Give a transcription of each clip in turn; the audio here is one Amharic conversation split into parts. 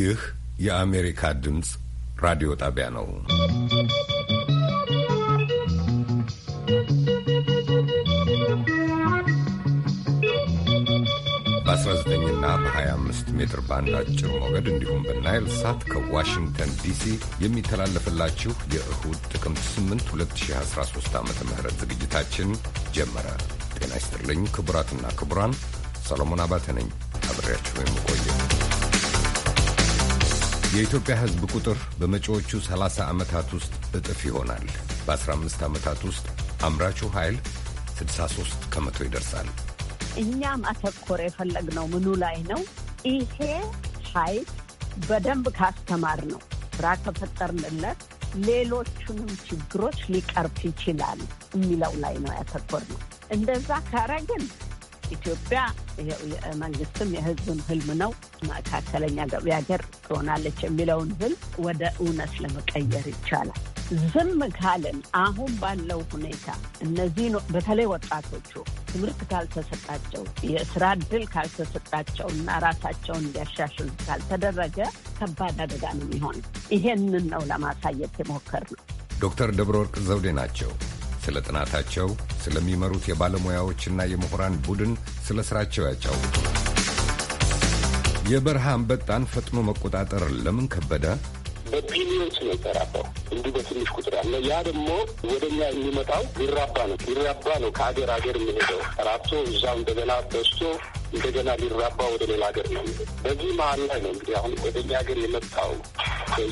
ይህ የአሜሪካ ድምፅ ራዲዮ ጣቢያ ነው። በ19ና በ25 ሜትር ባንድ አጭር ሞገድ እንዲሁም በናይል ሳት ከዋሽንግተን ዲሲ የሚተላለፍላችሁ የእሁድ ጥቅምት 8 2013 ዓ ም ዝግጅታችን ጀመረ። ጤና ይስጥልኝ ክቡራትና ክቡራን፣ ሰሎሞን አባተ ነኝ አብሬያችሁ የምቆየው የኢትዮጵያ ሕዝብ ቁጥር በመጪዎቹ 30 ዓመታት ውስጥ እጥፍ ይሆናል። በ15 ዓመታት ውስጥ አምራቹ ኃይል 63 ከመቶ ይደርሳል። እኛ ማተኮር የፈለግነው ምኑ ላይ ነው? ይሄ ኃይል በደንብ ካስተማር ነው ስራ ከፈጠርንለት ሌሎቹንም ችግሮች ሊቀርፍ ይችላል የሚለው ላይ ነው ያተኮር ነው። እንደዛ ካረግን ኢትዮጵያ የመንግስትም የህዝብን ህልም ነው። መካከለኛ ገቢ ሀገር ትሆናለች የሚለውን ህልም ወደ እውነት ለመቀየር ይቻላል። ዝም ካልን አሁን ባለው ሁኔታ እነዚህ በተለይ ወጣቶቹ ትምህርት ካልተሰጣቸው የስራ እድል ካልተሰጣቸው እና ራሳቸውን እንዲያሻሽሉ ካልተደረገ ከባድ አደጋ ነው የሚሆን። ይሄንን ነው ለማሳየት የሞከር ነው። ዶክተር ደብረ ወርቅ ዘውዴ ናቸው። ስለ ጥናታቸው፣ ስለሚመሩት የባለሙያዎችና የምሁራን ቡድን፣ ስለ ሥራቸው ያጫውቱ። የበረሃ አንበጣን ፈጥኖ መቆጣጠር ለምን ከበደ? በቢሊዮንስ ነው የተራባው፣ እንዲሁ በትንሽ ቁጥር አለ። ያ ደግሞ ወደ ወደኛ የሚመጣው ሊራባ ነው ሊራባ ነው ከሀገር ሀገር የሚሄደው ተራብቶ እዛው እንደገና በስቶ እንደገና ሊራባ ወደ ሌላ ሀገር ነው። በዚህ መሀል ላይ ነው እንግዲህ አሁን ወደ ወደኛ ሀገር የመጣው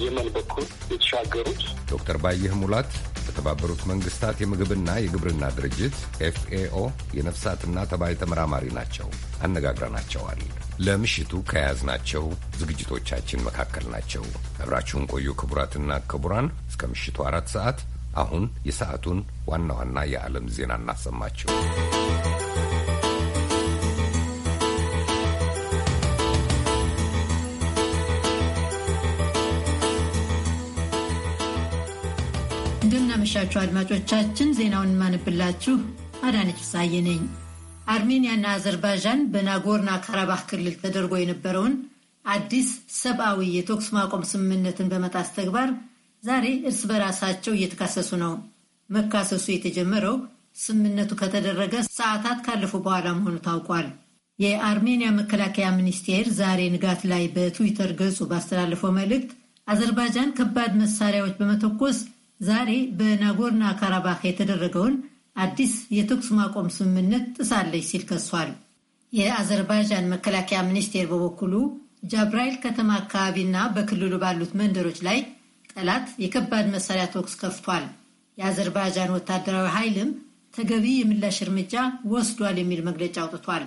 የመን በኩል የተሻገሩት ዶክተር ባየህ ሙላት በተባበሩት መንግስታት የምግብና የግብርና ድርጅት ኤፍኤኦ የነፍሳትና ተባይ ተመራማሪ ናቸው። አነጋግረናቸዋል። ለምሽቱ ከያዝናቸው ዝግጅቶቻችን መካከል ናቸው። አብራችሁን ቆዩ። ክቡራትና ክቡራን እስከ ምሽቱ አራት ሰዓት። አሁን የሰዓቱን ዋና ዋና የዓለም ዜና እናሰማችሁ። እንደምናመሻችሁ አድማጮቻችን። ዜናውን የማንብላችሁ አዳነች ፍሳዬ ነኝ። አርሜኒያና አዘርባይጃን በናጎርና ካራባህ ክልል ተደርጎ የነበረውን አዲስ ሰብአዊ የተኩስ ማቆም ስምምነትን በመጣስ ተግባር ዛሬ እርስ በራሳቸው እየተካሰሱ ነው። መካሰሱ የተጀመረው ስምምነቱ ከተደረገ ሰዓታት ካለፉ በኋላ መሆኑ ታውቋል። የአርሜንያ መከላከያ ሚኒስቴር ዛሬ ንጋት ላይ በትዊተር ገጹ ባስተላለፈው መልእክት አዘርባጃን ከባድ መሳሪያዎች በመተኮስ ዛሬ በናጎርና ካራባክ የተደረገውን አዲስ የተኩስ ማቆም ስምምነት ጥሳለች ሲል ከሷል። የአዘርባይጃን መከላከያ ሚኒስቴር በበኩሉ ጃብራይል ከተማ አካባቢና በክልሉ ባሉት መንደሮች ላይ ጠላት የከባድ መሳሪያ ተኩስ ከፍቷል፣ የአዘርባይጃን ወታደራዊ ኃይልም ተገቢ የምላሽ እርምጃ ወስዷል የሚል መግለጫ አውጥቷል።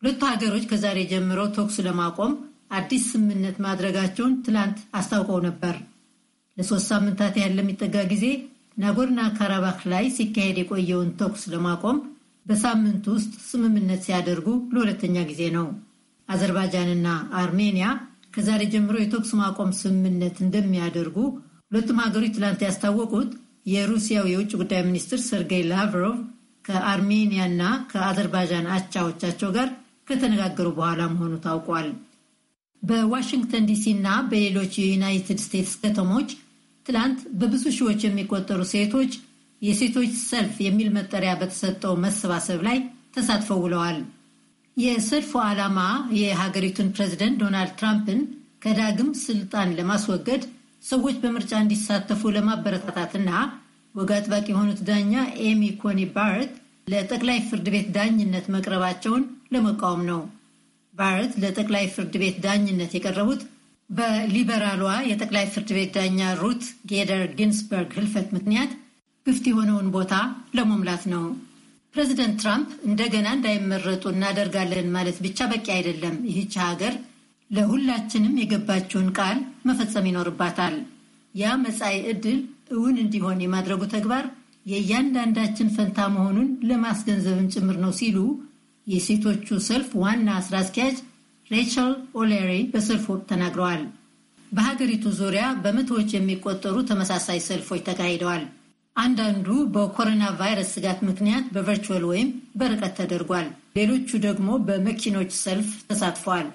ሁለቱ ሀገሮች ከዛሬ ጀምሮ ተኩስ ለማቆም አዲስ ስምምነት ማድረጋቸውን ትላንት አስታውቀው ነበር። ለሶስት ሳምንታት ያህል ለሚጠጋ ጊዜ ናጎርና ካራባክ ላይ ሲካሄድ የቆየውን ተኩስ ለማቆም በሳምንት ውስጥ ስምምነት ሲያደርጉ ለሁለተኛ ጊዜ ነው። አዘርባጃንና አርሜኒያ ከዛሬ ጀምሮ የተኩስ ማቆም ስምምነት እንደሚያደርጉ ሁለቱም ሀገሮች ትላንት ያስታወቁት የሩሲያው የውጭ ጉዳይ ሚኒስትር ሰርጌይ ላቭሮቭ ከአርሜኒያና ከአዘርባጃን አቻዎቻቸው ጋር ከተነጋገሩ በኋላ መሆኑ ታውቋል። በዋሽንግተን ዲሲ እና በሌሎች የዩናይትድ ስቴትስ ከተሞች ትላንት በብዙ ሺዎች የሚቆጠሩ ሴቶች የሴቶች ሰልፍ የሚል መጠሪያ በተሰጠው መሰባሰብ ላይ ተሳትፈው ውለዋል። የሰልፉ ዓላማ የሀገሪቱን ፕሬዚደንት ዶናልድ ትራምፕን ከዳግም ስልጣን ለማስወገድ ሰዎች በምርጫ እንዲሳተፉ ለማበረታታትና ወግ አጥባቂ የሆኑት ዳኛ ኤሚ ኮኒ ባረት ለጠቅላይ ፍርድ ቤት ዳኝነት መቅረባቸውን ለመቃወም ነው። ባረት ለጠቅላይ ፍርድ ቤት ዳኝነት የቀረቡት በሊበራሏ የጠቅላይ ፍርድ ቤት ዳኛ ሩት ጌደር ጊንስበርግ ህልፈት ምክንያት ክፍት የሆነውን ቦታ ለመሙላት ነው። ፕሬዚደንት ትራምፕ እንደገና እንዳይመረጡ እናደርጋለን ማለት ብቻ በቂ አይደለም። ይህች ሀገር ለሁላችንም የገባችውን ቃል መፈጸም ይኖርባታል። ያ መጻኢ ዕድል እውን እንዲሆን የማድረጉ ተግባር የእያንዳንዳችን ፈንታ መሆኑን ለማስገንዘብም ጭምር ነው ሲሉ የሴቶቹ ሰልፍ ዋና ስራ አስኪያጅ ሬቸል ኦሌሪ በሰልፍ ወቅት ተናግረዋል። በሀገሪቱ ዙሪያ በመቶዎች የሚቆጠሩ ተመሳሳይ ሰልፎች ተካሂደዋል። አንዳንዱ በኮሮና ቫይረስ ስጋት ምክንያት በቨርቹዋል ወይም በርቀት ተደርጓል። ሌሎቹ ደግሞ በመኪኖች ሰልፍ ተሳትፈዋል።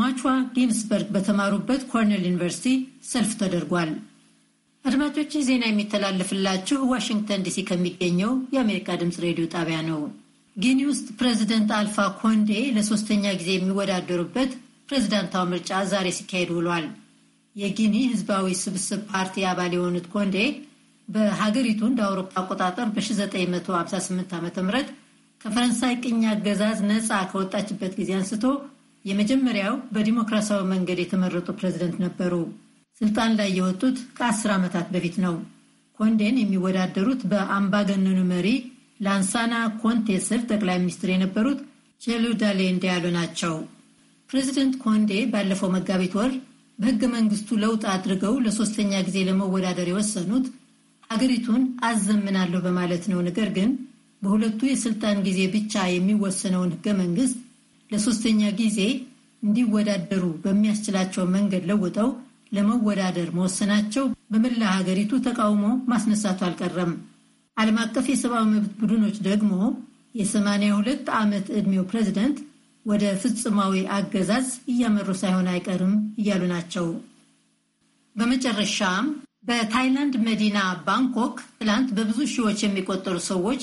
ማቿ ጊንስበርግ በተማሩበት ኮርኔል ዩኒቨርሲቲ ሰልፍ ተደርጓል። አድማጮች፣ ዜና የሚተላለፍላችሁ ዋሽንግተን ዲሲ ከሚገኘው የአሜሪካ ድምፅ ሬዲዮ ጣቢያ ነው። ጊኒ ውስጥ ፕሬዚደንት አልፋ ኮንዴ ለሶስተኛ ጊዜ የሚወዳደሩበት ፕሬዚዳንታዊ ምርጫ ዛሬ ሲካሄድ ውሏል። የጊኒ ህዝባዊ ስብስብ ፓርቲ አባል የሆኑት ኮንዴ በሀገሪቱ እንደ አውሮፓ አቆጣጠር በ1958 ም ከፈረንሳይ ቅኝ አገዛዝ ነፃ ከወጣችበት ጊዜ አንስቶ የመጀመሪያው በዲሞክራሲያዊ መንገድ የተመረጡ ፕሬዚደንት ነበሩ። ስልጣን ላይ የወጡት ከአስር ዓመታት በፊት ነው። ኮንዴን የሚወዳደሩት በአምባገነኑ መሪ ላንሳና ኮንቴ ስር ጠቅላይ ሚኒስትር የነበሩት ቼሉዳ እንዲያሉ ናቸው። ፕሬዚደንት ኮንዴ ባለፈው መጋቢት ወር በህገ መንግስቱ ለውጥ አድርገው ለሶስተኛ ጊዜ ለመወዳደር የወሰኑት ሀገሪቱን አዘምናለሁ በማለት ነው። ነገር ግን በሁለቱ የስልጣን ጊዜ ብቻ የሚወሰነውን ህገ መንግስት ለሶስተኛ ጊዜ እንዲወዳደሩ በሚያስችላቸው መንገድ ለውጠው ለመወዳደር መወሰናቸው በመላ ሀገሪቱ ተቃውሞ ማስነሳቱ አልቀረም። ዓለም አቀፍ የሰብአዊ መብት ቡድኖች ደግሞ የ82 ዓመት ዕድሜው ፕሬዚደንት ወደ ፍጹማዊ አገዛዝ እያመሩ ሳይሆን አይቀርም እያሉ ናቸው። በመጨረሻም በታይላንድ መዲና ባንኮክ ትላንት በብዙ ሺዎች የሚቆጠሩ ሰዎች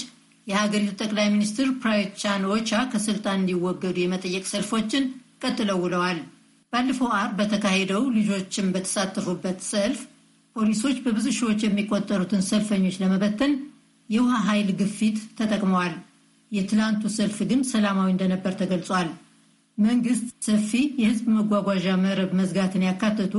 የሀገሪቱ ጠቅላይ ሚኒስትር ፕራዩት ቻን ኦቻ ከስልጣን እንዲወገዱ የመጠየቅ ሰልፎችን ቀጥለው ውለዋል። ባለፈው ዓርብ በተካሄደው ልጆችን በተሳተፉበት ሰልፍ ፖሊሶች በብዙ ሺዎች የሚቆጠሩትን ሰልፈኞች ለመበተን የውሃ ኃይል ግፊት ተጠቅመዋል። የትላንቱ ሰልፍ ግን ሰላማዊ እንደነበር ተገልጿል። መንግስት ሰፊ የህዝብ መጓጓዣ መረብ መዝጋትን ያካተቱ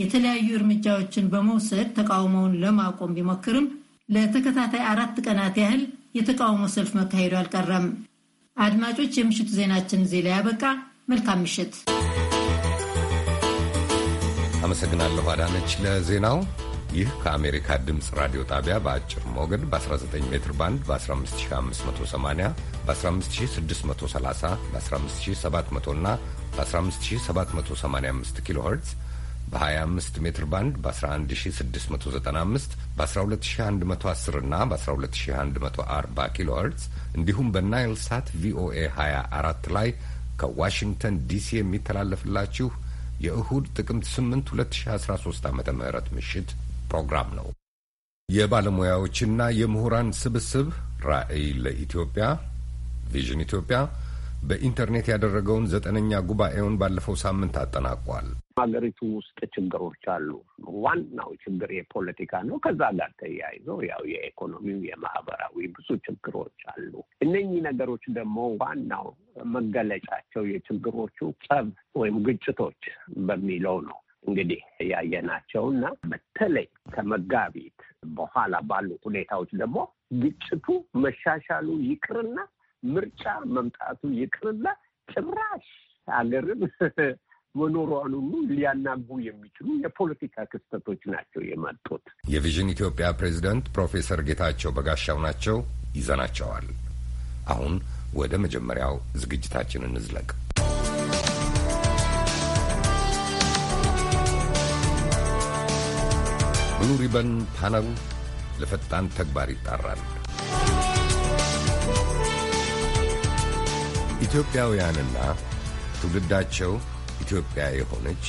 የተለያዩ እርምጃዎችን በመውሰድ ተቃውሞውን ለማቆም ቢሞክርም ለተከታታይ አራት ቀናት ያህል የተቃውሞ ሰልፍ መካሄዱ አልቀረም። አድማጮች፣ የምሽቱ ዜናችን እዚህ ላይ ያበቃ። መልካም ምሽት። አመሰግናለሁ አዳነች ለዜናው። ይህ ከአሜሪካ ድምፅ ራዲዮ ጣቢያ በአጭር ሞገድ በ19 ሜትር ባንድ በ15580 በ15630 በ15700 እና በ15785 ኪሎ በ25 ሜትር ባንድ በ11695 በ12110 እና በ12140 ኪሎ እንዲሁም በናይል ሳት ቪኦኤ 24 ላይ ከዋሽንግተን ዲሲ የሚተላለፍላችሁ የእሁድ ጥቅምት 8 2013 ዓ ም ምሽት ፕሮግራም ነው። የባለሙያዎችና የምሁራን ስብስብ ራዕይ ለኢትዮጵያ ቪዥን ኢትዮጵያ በኢንተርኔት ያደረገውን ዘጠነኛ ጉባኤውን ባለፈው ሳምንት አጠናቋል። ሀገሪቱ ውስጥ ችግሮች አሉ። ዋናው ችግር የፖለቲካ ነው። ከዛ ጋር ተያይዞ ያው የኢኮኖሚው፣ የማህበራዊ ብዙ ችግሮች አሉ። እነኚህ ነገሮች ደግሞ ዋናው መገለጫቸው የችግሮቹ ጸብ ወይም ግጭቶች በሚለው ነው እንግዲህ ናቸው እና በተለይ ከመጋቢት በኋላ ባሉ ሁኔታዎች ደግሞ ግጭቱ መሻሻሉ ይቅርና ምርጫ መምጣቱ ይቅርና ጭራሽ ሀገርን መኖሯን ሁሉ ሊያናጉ የሚችሉ የፖለቲካ ክስተቶች ናቸው የመጡት። የቪዥን ኢትዮጵያ ፕሬዚደንት ፕሮፌሰር ጌታቸው በጋሻው ናቸው። ይዘናቸዋል። አሁን ወደ መጀመሪያው ዝግጅታችን እንዝለቅ። ብሉ ሪበን ፓነል ለፈጣን ተግባር ይጣራል። ኢትዮጵያውያንና ትውልዳቸው ኢትዮጵያ የሆነች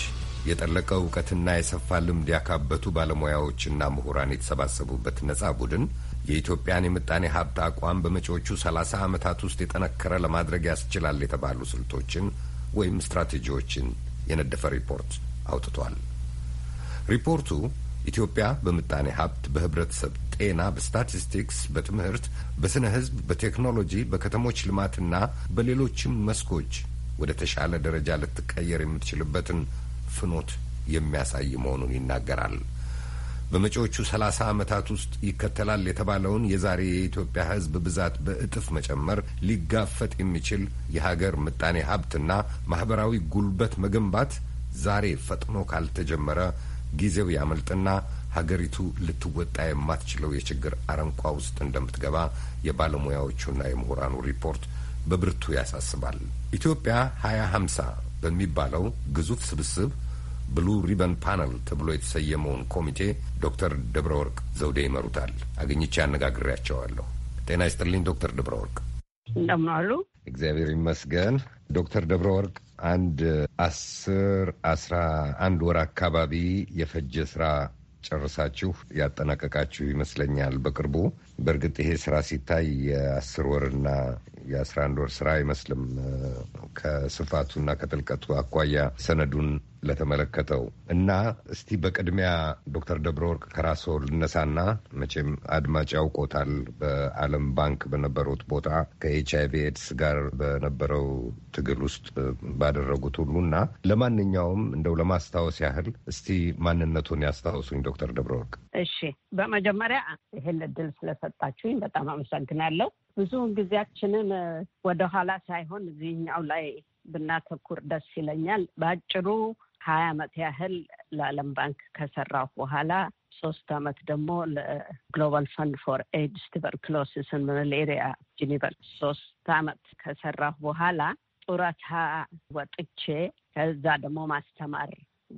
የጠለቀ እውቀትና የሰፋ ልምድ ያካበቱ ባለሙያዎችና ምሁራን የተሰባሰቡበት ነጻ ቡድን የኢትዮጵያን የምጣኔ ሀብት አቋም በመጪዎቹ ሰላሳ ዓመታት ውስጥ የጠነከረ ለማድረግ ያስችላል የተባሉ ስልቶችን ወይም ስትራቴጂዎችን የነደፈ ሪፖርት አውጥቷል። ሪፖርቱ ኢትዮጵያ በምጣኔ ሀብት፣ በህብረተሰብ ጤና፣ በስታቲስቲክስ፣ በትምህርት፣ በስነ ህዝብ፣ በቴክኖሎጂ፣ በከተሞች ልማትና በሌሎችም መስኮች ወደ ተሻለ ደረጃ ልትቀየር የምትችልበትን ፍኖት የሚያሳይ መሆኑን ይናገራል። በመጪዎቹ ሰላሳ ዓመታት ውስጥ ይከተላል የተባለውን የዛሬ የኢትዮጵያ ህዝብ ብዛት በእጥፍ መጨመር ሊጋፈጥ የሚችል የሀገር ምጣኔ ሀብትና ማህበራዊ ጉልበት መገንባት ዛሬ ፈጥኖ ካልተጀመረ ጊዜው ያመልጥና ሀገሪቱ ልትወጣ የማትችለው የችግር አረንቋ ውስጥ እንደምትገባ የባለሙያዎቹና የምሁራኑ ሪፖርት በብርቱ ያሳስባል። ኢትዮጵያ ሀያ ሀምሳ በሚባለው ግዙፍ ስብስብ ብሉ ሪበን ፓነል ተብሎ የተሰየመውን ኮሚቴ ዶክተር ደብረ ወርቅ ዘውዴ ይመሩታል። አግኝቼ አነጋግሬያቸዋለሁ። ጤና ይስጥልኝ ዶክተር ደብረ ወርቅ እንደምን አሉ? እግዚአብሔር ይመስገን። ዶክተር ደብረ ወርቅ አንድ አስር አስራ አንድ ወር አካባቢ የፈጀ ስራ ጨርሳችሁ ያጠናቀቃችሁ ይመስለኛል በቅርቡ። በእርግጥ ይሄ ስራ ሲታይ የአስር ወርና የአስራ አንድ ወር ስራ አይመስልም ከስፋቱና ከጥልቀቱ አኳያ ሰነዱን ለተመለከተው እና እስቲ በቅድሚያ ዶክተር ደብረ ወርቅ ከራስዎ ልነሳና መቼም አድማጭ ያውቆታል። በዓለም ባንክ በነበሩት ቦታ ከኤች አይቪ ኤድስ ጋር በነበረው ትግል ውስጥ ባደረጉት ሁሉ እና ለማንኛውም እንደው ለማስታወስ ያህል እስቲ ማንነቱን ያስታውሱኝ ዶክተር ደብረ ወርቅ። እሺ፣ በመጀመሪያ ይህን እድል ስለሰጣችሁኝ በጣም አመሰግናለሁ። ብዙውን ጊዜያችንን ወደኋላ ሳይሆን እዚህኛው ላይ ብናተኩር ደስ ይለኛል። በአጭሩ ሀያ ዓመት ያህል ለዓለም ባንክ ከሰራሁ በኋላ ሶስት አመት ደግሞ ለግሎባል ፈንድ ፎር ኤድስ ቱበርክሎሲስን ማሌሪያ ጂኒቨር ሶስት አመት ከሰራሁ በኋላ ጡረታ ወጥቼ ከዛ ደግሞ ማስተማር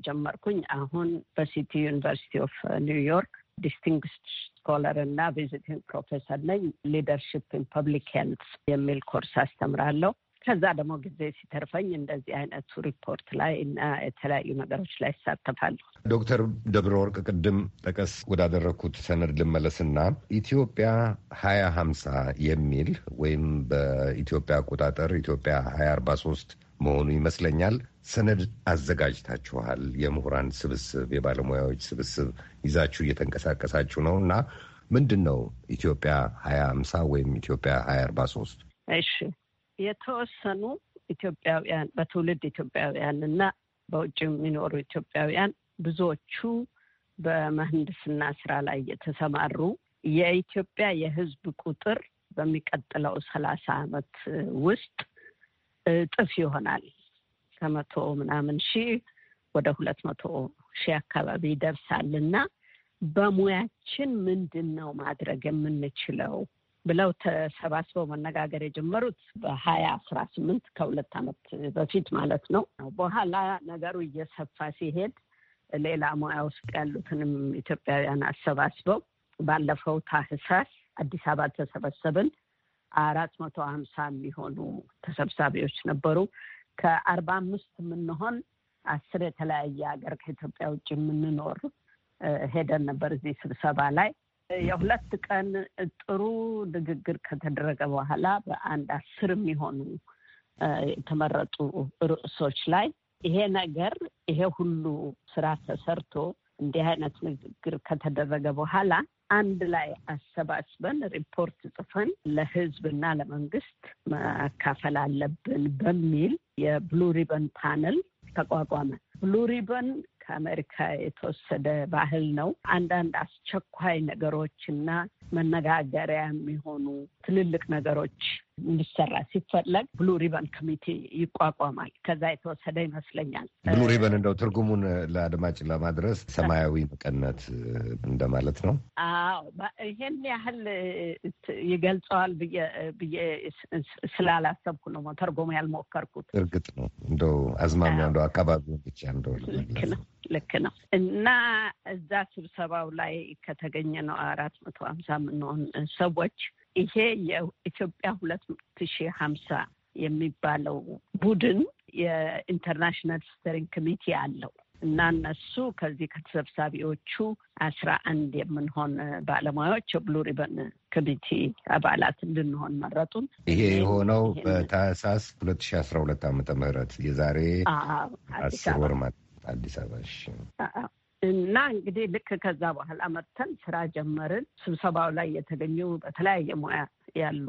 ጀመርኩኝ። አሁን በሲቲ ዩኒቨርሲቲ ኦፍ ኒውዮርክ ዲስቲንግስድ ስኮለር እና ቪዚቲንግ ፕሮፌሰር ነኝ። ሊደርሽፕ ኢን ፐብሊክ ሄልት የሚል ኮርስ አስተምራለሁ። ከዛ ደግሞ ጊዜ ሲተርፈኝ እንደዚህ አይነቱ ሪፖርት ላይ እና የተለያዩ ነገሮች ላይ ይሳተፋሉ። ዶክተር ደብረ ወርቅ ቅድም ጠቀስ ወዳደረግኩት ሰነድ ልመለስና ኢትዮጵያ ሀያ ሀምሳ የሚል ወይም በኢትዮጵያ አቆጣጠር ኢትዮጵያ ሀያ አርባ ሶስት መሆኑ ይመስለኛል ሰነድ አዘጋጅታችኋል። የምሁራን ስብስብ፣ የባለሙያዎች ስብስብ ይዛችሁ እየተንቀሳቀሳችሁ ነው እና ምንድን ነው ኢትዮጵያ ሀያ ሀምሳ ወይም ኢትዮጵያ ሀያ አርባ ሶስት? እሺ የተወሰኑ ኢትዮጵያውያን በትውልድ ኢትዮጵያውያን እና በውጭ የሚኖሩ ኢትዮጵያውያን ብዙዎቹ በምህንድስና ስራ ላይ የተሰማሩ የኢትዮጵያ የህዝብ ቁጥር በሚቀጥለው ሰላሳ አመት ውስጥ እጥፍ ይሆናል። ከመቶ ምናምን ሺህ ወደ ሁለት መቶ ሺህ አካባቢ ይደርሳል እና በሙያችን ምንድን ነው ማድረግ የምንችለው ብለው ተሰባስበው መነጋገር የጀመሩት በሀያ አስራ ስምንት ከሁለት አመት በፊት ማለት ነው። በኋላ ነገሩ እየሰፋ ሲሄድ ሌላ ሙያ ውስጥ ያሉትንም ኢትዮጵያውያን አሰባስበው ባለፈው ታህሳስ አዲስ አበባ ተሰበሰብን። አራት መቶ ሀምሳ የሚሆኑ ተሰብሳቢዎች ነበሩ። ከአርባ አምስት የምንሆን አስር የተለያየ ሀገር ከኢትዮጵያ ውጭ የምንኖር ሄደን ነበር እዚህ ስብሰባ ላይ የሁለት ቀን ጥሩ ንግግር ከተደረገ በኋላ በአንድ አስር የሚሆኑ የተመረጡ ርዕሶች ላይ ይሄ ነገር ይሄ ሁሉ ስራ ተሰርቶ እንዲህ አይነት ንግግር ከተደረገ በኋላ አንድ ላይ አሰባስበን ሪፖርት ጽፈን ለሕዝብና ለመንግስት መካፈል አለብን በሚል የብሉ ሪበን ፓነል ተቋቋመ። ብሉ ሪበን ከአሜሪካ የተወሰደ ባህል ነው። አንዳንድ አስቸኳይ ነገሮች እና መነጋገሪያ የሚሆኑ ትልልቅ ነገሮች እንዲሰራ ሲፈለግ ብሉ ሪበን ኮሚቴ ይቋቋማል። ከዛ የተወሰደ ይመስለኛል። ብሉ ሪበን እንደው ትርጉሙን ለአድማጭ ለማድረስ ሰማያዊ መቀነት እንደማለት ነው። አዎ፣ ይሄን ያህል ይገልጸዋል ብዬ ስላላሰብኩ ነው ተርጎሙ ያልሞከርኩት። እርግጥ ነው እንደው አዝማሚያ እንደው አካባቢውን ብቻ እንደሆነ ልክ ነው ልክ ነው። እና እዛ ስብሰባው ላይ ከተገኘ ነው አራት መቶ ሀምሳ የምንሆን ሰዎች ይሄ የኢትዮጵያ ሁለት ሺህ ሀምሳ የሚባለው ቡድን የኢንተርናሽናል ስተሪንግ ኮሚቴ አለው እና እነሱ ከዚህ ከተሰብሳቢዎቹ አስራ አንድ የምንሆን ባለሙያዎች የብሉ ሪበን ኮሚቴ አባላት እንድንሆን መረጡን። ይሄ የሆነው በታህሳስ ሁለት ሺህ አስራ ሁለት ዓመተ ምህረት የዛሬ አስር ወር አዲስ አበባ እና እንግዲህ ልክ ከዛ በኋላ መጥተን ስራ ጀመርን። ስብሰባው ላይ የተገኙ በተለያየ ሙያ ያሉ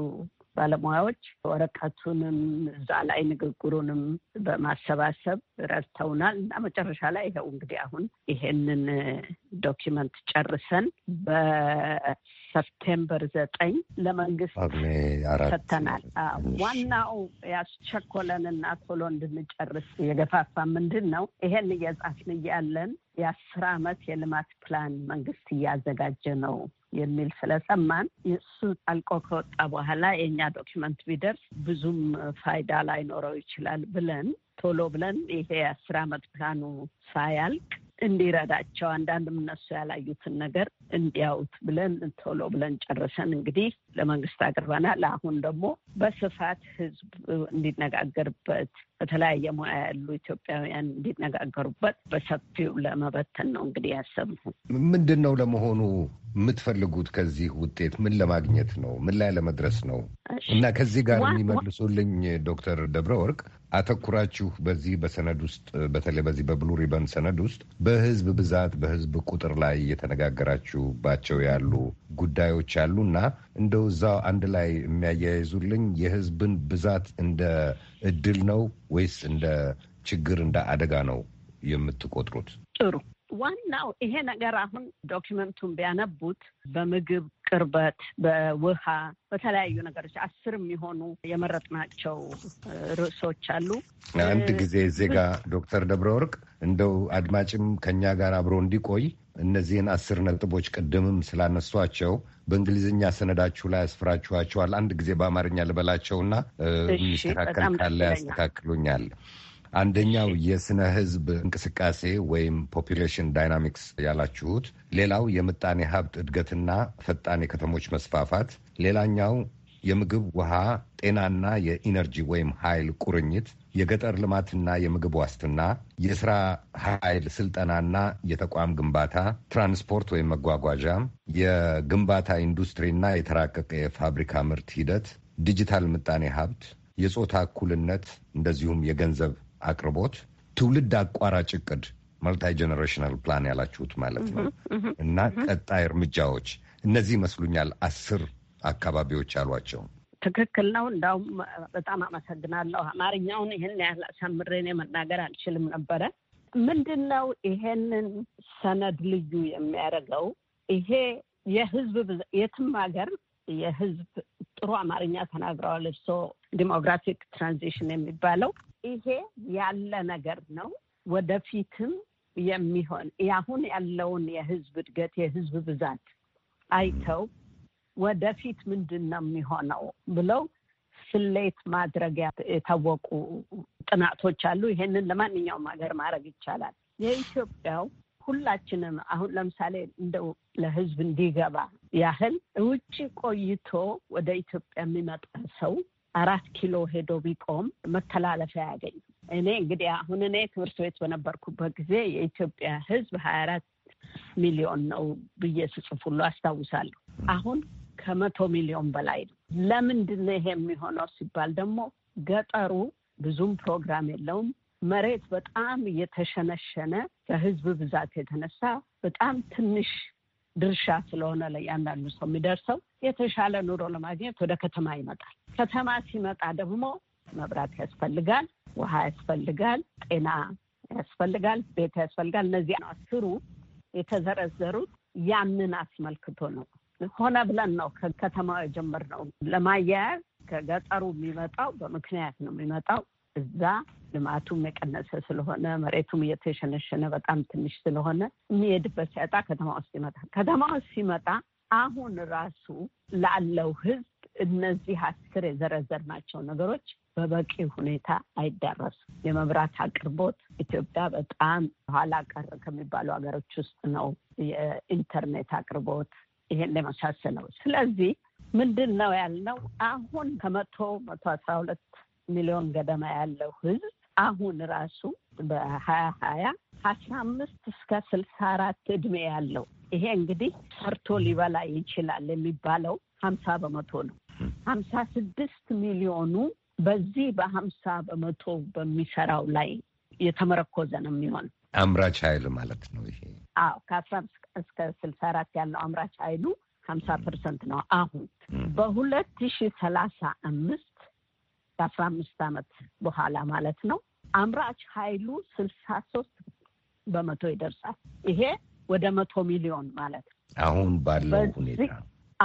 ባለሙያዎች ወረቀቱንም እዛ ላይ ንግግሩንም በማሰባሰብ ረድተውናል እና መጨረሻ ላይ ይኸው እንግዲህ አሁን ይሄንን ዶኪመንት ጨርሰን በሰፕቴምበር ዘጠኝ ለመንግስት ሰጥተናል። ዋናው ያስቸኮለንና ቶሎ እንድንጨርስ የገፋፋ ምንድን ነው? ይሄን እየጻፍን እያለን የአስር አመት የልማት ፕላን መንግስት እያዘጋጀ ነው የሚል ስለሰማን እሱ አልቆ ከወጣ በኋላ የእኛ ዶክመንት ቢደርስ ብዙም ፋይዳ ላይኖረው ይችላል ብለን ቶሎ ብለን ይሄ የአስር አመት ፕላኑ ሳያልቅ እንዲረዳቸው አንዳንድም እነሱ ያላዩትን ነገር እንዲያውት ብለን ቶሎ ብለን ጨርሰን እንግዲህ ለመንግስት አቅርበናል። አሁን ደግሞ በስፋት ህዝብ እንዲነጋገርበት በተለያየ ሙያ ያሉ ኢትዮጵያውያን እንዲነጋገሩበት በሰፊው ለመበተን ነው እንግዲህ ያሰብነው። ምንድን ነው ለመሆኑ የምትፈልጉት? ከዚህ ውጤት ምን ለማግኘት ነው? ምን ላይ ለመድረስ ነው? እና ከዚህ ጋር የሚመልሱልኝ ዶክተር ደብረ ወርቅ አተኩራችሁ በዚህ በሰነድ ውስጥ በተለይ በዚህ በብሉ ሪበን ሰነድ ውስጥ በህዝብ ብዛት፣ በህዝብ ቁጥር ላይ እየተነጋገራችሁ እየሰራችሁባቸው ያሉ ጉዳዮች እና እንደው እዛው አንድ ላይ የሚያያይዙልኝ የህዝብን ብዛት እንደ እድል ነው ወይስ እንደ ችግር እንደ አደጋ ነው የምትቆጥሩት? ጥሩ ዋናው ይሄ ነገር አሁን ዶኪመንቱን ቢያነቡት በምግብ ቅርበት፣ በውሃ፣ በተለያዩ ነገሮች አስር የሚሆኑ የመረጥናቸው ርዕሶች አሉ። አንድ ጊዜ ዜጋ ዶክተር ደብረ ወርቅ እንደው አድማጭም ከኛ ጋር አብሮ እንዲቆይ እነዚህን አስር ነጥቦች ቅድምም ስላነሷቸው በእንግሊዝኛ ሰነዳችሁ ላይ ያስፍራችኋቸዋል። አንድ ጊዜ በአማርኛ ልበላቸውና የሚስተካከል ካለ ያስተካክሉኛል። አንደኛው የስነ ህዝብ እንቅስቃሴ ወይም ፖፕሌሽን ዳይናሚክስ ያላችሁት፣ ሌላው የምጣኔ ሀብት እድገትና ፈጣን የከተሞች መስፋፋት፣ ሌላኛው የምግብ ውሃ፣ ጤናና የኢነርጂ ወይም ኃይል ቁርኝት፣ የገጠር ልማትና የምግብ ዋስትና፣ የስራ ኃይል ስልጠናና የተቋም ግንባታ፣ ትራንስፖርት ወይም መጓጓዣ፣ የግንባታ ኢንዱስትሪና የተራቀቀ የፋብሪካ ምርት ሂደት፣ ዲጂታል ምጣኔ ሀብት፣ የጾታ እኩልነት እንደዚሁም የገንዘብ አቅርቦት ትውልድ አቋራጭ እቅድ መልታይ ጀነሬሽናል ፕላን ያላችሁት ማለት ነው እና ቀጣይ እርምጃዎች እነዚህ ይመስሉኛል አስር አካባቢዎች አሏቸው። ትክክል ነው። እንዳውም በጣም አመሰግናለሁ። አማርኛውን ይህን ያህል አሳምሬን መናገር አልችልም ነበረ። ምንድን ነው ይሄንን ሰነድ ልዩ የሚያደርገው? ይሄ የህዝብ የትም ሀገር የህዝብ ጥሩ አማርኛ ተናግረዋል እርሶ ዲሞግራፊክ ትራንዚሽን የሚባለው ይሄ ያለ ነገር ነው። ወደፊትም የሚሆን አሁን ያለውን የህዝብ እድገት የህዝብ ብዛት አይተው ወደፊት ምንድን ነው የሚሆነው ብለው ስሌት ማድረግ የታወቁ ጥናቶች አሉ። ይሄንን ለማንኛውም ሀገር ማድረግ ይቻላል። የኢትዮጵያው ሁላችንም አሁን ለምሳሌ እንደው ለህዝብ እንዲገባ ያህል ውጭ ቆይቶ ወደ ኢትዮጵያ የሚመጣ ሰው አራት ኪሎ ሄዶ ቢቆም መተላለፊያ ያገኝ። እኔ እንግዲህ አሁን እኔ ትምህርት ቤት በነበርኩበት ጊዜ የኢትዮጵያ ሕዝብ ሀያ አራት ሚሊዮን ነው ብዬ ስጽፍ ሁሉ አስታውሳለሁ። አሁን ከመቶ ሚሊዮን በላይ ነው። ለምንድን ነው ይሄ የሚሆነው ሲባል ደግሞ ገጠሩ ብዙም ፕሮግራም የለውም። መሬት በጣም እየተሸነሸነ ከህዝብ ብዛት የተነሳ በጣም ትንሽ ድርሻ ስለሆነ ለእያንዳንዱ ሰው የሚደርሰው የተሻለ ኑሮ ለማግኘት ወደ ከተማ ይመጣል። ከተማ ሲመጣ ደግሞ መብራት ያስፈልጋል፣ ውሃ ያስፈልጋል፣ ጤና ያስፈልጋል፣ ቤት ያስፈልጋል። እነዚህ አስሩ የተዘረዘሩት ያንን አስመልክቶ ነው። ሆነ ብለን ነው ከከተማው የጀመርነው። ለማያያዝ ከገጠሩ የሚመጣው በምክንያት ነው የሚመጣው እዛ ልማቱም የቀነሰ ስለሆነ መሬቱም እየተሸነሸነ በጣም ትንሽ ስለሆነ የሚሄድበት ሲያጣ ከተማ ውስጥ ይመጣል። ከተማ ውስጥ ሲመጣ አሁን ራሱ ላለው ህዝብ እነዚህ አስር የዘረዘርናቸው ነገሮች በበቂ ሁኔታ አይዳረሱም። የመብራት አቅርቦት ኢትዮጵያ በጣም ኋላ ቀር ከሚባሉ ሀገሮች ውስጥ ነው። የኢንተርኔት አቅርቦት ይሄን የመሳሰለው። ስለዚህ ምንድን ነው ያልነው አሁን ከመቶ መቶ አስራ ሁለት ሚሊዮን ገደማ ያለው ህዝብ አሁን ራሱ በሀያ ሀያ አስራ አምስት እስከ ስልሳ አራት እድሜ ያለው ይሄ እንግዲህ ሰርቶ ሊበላ ይችላል የሚባለው ሀምሳ በመቶ ነው። ሀምሳ ስድስት ሚሊዮኑ በዚህ በሀምሳ በመቶ በሚሰራው ላይ የተመረኮዘ ነው የሚሆን አምራች ኃይል ማለት ነው። ይሄ አዎ ከአስራ እስከ ስልሳ አራት ያለው አምራች ኃይሉ ሀምሳ ፐርሰንት ነው። አሁን በሁለት ሺ ሰላሳ አምስት ከአስራ አምስት ዓመት በኋላ ማለት ነው አምራች ኃይሉ ስልሳ ሶስት በመቶ ይደርሳል። ይሄ ወደ መቶ ሚሊዮን ማለት ነው አሁን ባለው ሁኔታ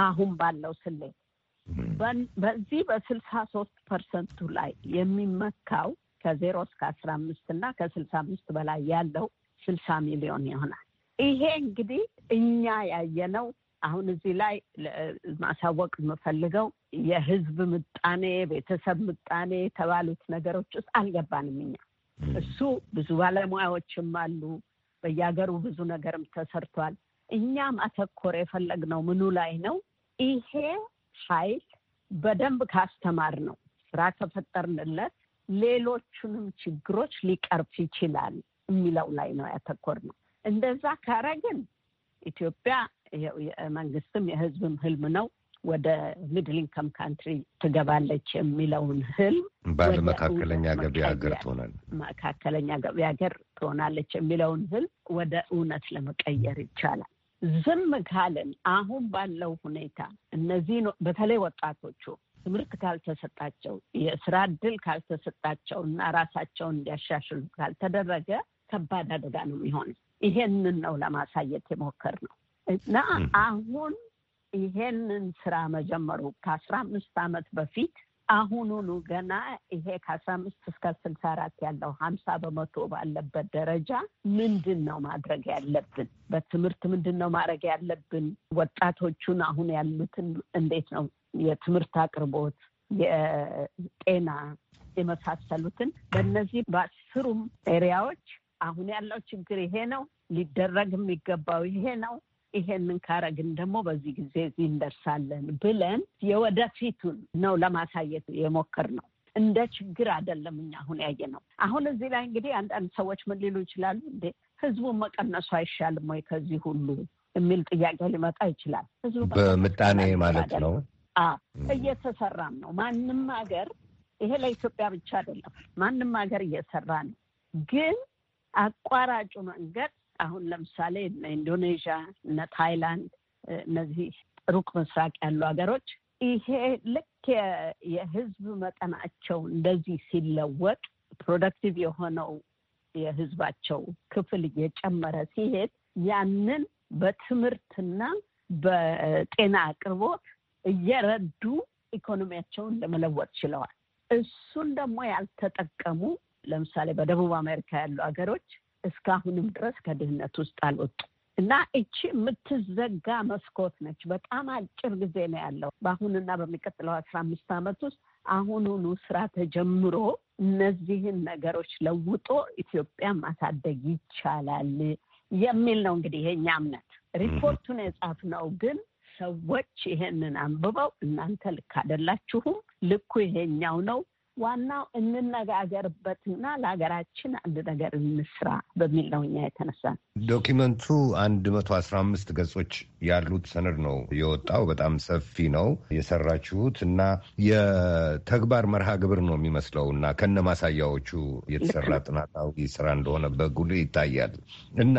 አሁን ባለው ስሌት በዚህ በስልሳ ሶስት ፐርሰንቱ ላይ የሚመካው ከዜሮ እስከ አስራ አምስት እና ከስልሳ አምስት በላይ ያለው ስልሳ ሚሊዮን ይሆናል። ይሄ እንግዲህ እኛ ያየነው አሁን እዚህ ላይ ማሳወቅ የምፈልገው የህዝብ ምጣኔ፣ ቤተሰብ ምጣኔ የተባሉት ነገሮች ውስጥ አልገባንም እኛ። እሱ ብዙ ባለሙያዎችም አሉ፣ በየሀገሩ ብዙ ነገርም ተሰርቷል። እኛ ማተኮር የፈለግነው ምኑ ላይ ነው? ይሄ ኃይል በደንብ ካስተማር ነው ስራ ከፈጠርንለት ሌሎቹንም ችግሮች ሊቀርፍ ይችላል የሚለው ላይ ነው ያተኮር ነው። እንደዛ ካረግን ኢትዮጵያ የመንግስትም የህዝብም ህልም ነው። ወደ ሚድል ኢንካም ካንትሪ ትገባለች የሚለውን ህልም ባለ መካከለኛ ገቢ ሀገር ትሆናል መካከለኛ ገቢ ሀገር ትሆናለች የሚለውን ህልም ወደ እውነት ለመቀየር ይቻላል። ዝም ካልን አሁን ባለው ሁኔታ እነዚህ በተለይ ወጣቶቹ ትምህርት ካልተሰጣቸው የስራ እድል ካልተሰጣቸው እና ራሳቸውን እንዲያሻሽሉ ካልተደረገ ከባድ አደጋ ነው የሚሆን። ይሄንን ነው ለማሳየት የሞከር ነው። እና አሁን ይሄንን ስራ መጀመሩ ከአስራ አምስት አመት በፊት አሁኑኑ ገና ይሄ ከአስራ አምስት እስከ ስልሳ አራት ያለው ሀምሳ በመቶ ባለበት ደረጃ ምንድን ነው ማድረግ ያለብን? በትምህርት ምንድን ነው ማድረግ ያለብን? ወጣቶቹን አሁን ያሉትን እንዴት ነው የትምህርት አቅርቦት፣ የጤና የመሳሰሉትን በእነዚህ በአስሩም ኤሪያዎች አሁን ያለው ችግር ይሄ ነው፣ ሊደረግ የሚገባው ይሄ ነው ይሄንን ካረግን ደግሞ በዚህ ጊዜ እዚህ እንደርሳለን ብለን የወደፊቱን ነው ለማሳየት የሞከር ነው። እንደ ችግር አይደለም እኛ አሁን ያየ ነው። አሁን እዚህ ላይ እንግዲህ አንዳንድ ሰዎች ምን ሊሉ ይችላሉ? እንዴ ህዝቡን መቀነሱ አይሻልም ወይ ከዚህ ሁሉ የሚል ጥያቄ ሊመጣ ይችላል። ህዝቡ በምጣኔ ማለት ነው እየተሰራም ነው። ማንም ሀገር ይሄ ለኢትዮጵያ ብቻ አይደለም። ማንም ሀገር እየሰራ ነው። ግን አቋራጩ መንገድ አሁን ለምሳሌ እነ ኢንዶኔዥያ እነ ታይላንድ እነዚህ ሩቅ ምስራቅ ያሉ ሀገሮች ይሄ ልክ የህዝብ መጠናቸው እንደዚህ ሲለወጥ ፕሮደክቲቭ የሆነው የህዝባቸው ክፍል እየጨመረ ሲሄድ ያንን በትምህርትና በጤና አቅርቦት እየረዱ ኢኮኖሚያቸውን ለመለወጥ ችለዋል። እሱን ደግሞ ያልተጠቀሙ ለምሳሌ በደቡብ አሜሪካ ያሉ ሀገሮች እስካሁንም ድረስ ከድህነት ውስጥ አልወጡ እና እቺ የምትዘጋ መስኮት ነች። በጣም አጭር ጊዜ ነው ያለው። በአሁንና በሚቀጥለው አስራ አምስት ዓመት ውስጥ አሁኑኑ ስራ ተጀምሮ እነዚህን ነገሮች ለውጦ ኢትዮጵያ ማሳደግ ይቻላል የሚል ነው እንግዲህ የኛ እምነት። ሪፖርቱን የጻፍነው ግን ሰዎች ይሄንን አንብበው እናንተ ልክ አይደላችሁም፣ ልኩ ይሄኛው ነው ዋናው እንነጋገርበትና ለሀገራችን አንድ ነገር እንስራ በሚል ነው እኛ የተነሳ። ዶኪመንቱ አንድ መቶ አስራ አምስት ገጾች ያሉት ሰነድ ነው የወጣው። በጣም ሰፊ ነው የሰራችሁት እና የተግባር መርሃ ግብር ነው የሚመስለው እና ከነ ማሳያዎቹ የተሰራ ጥናታዊ ስራ እንደሆነ በጉል ይታያል። እና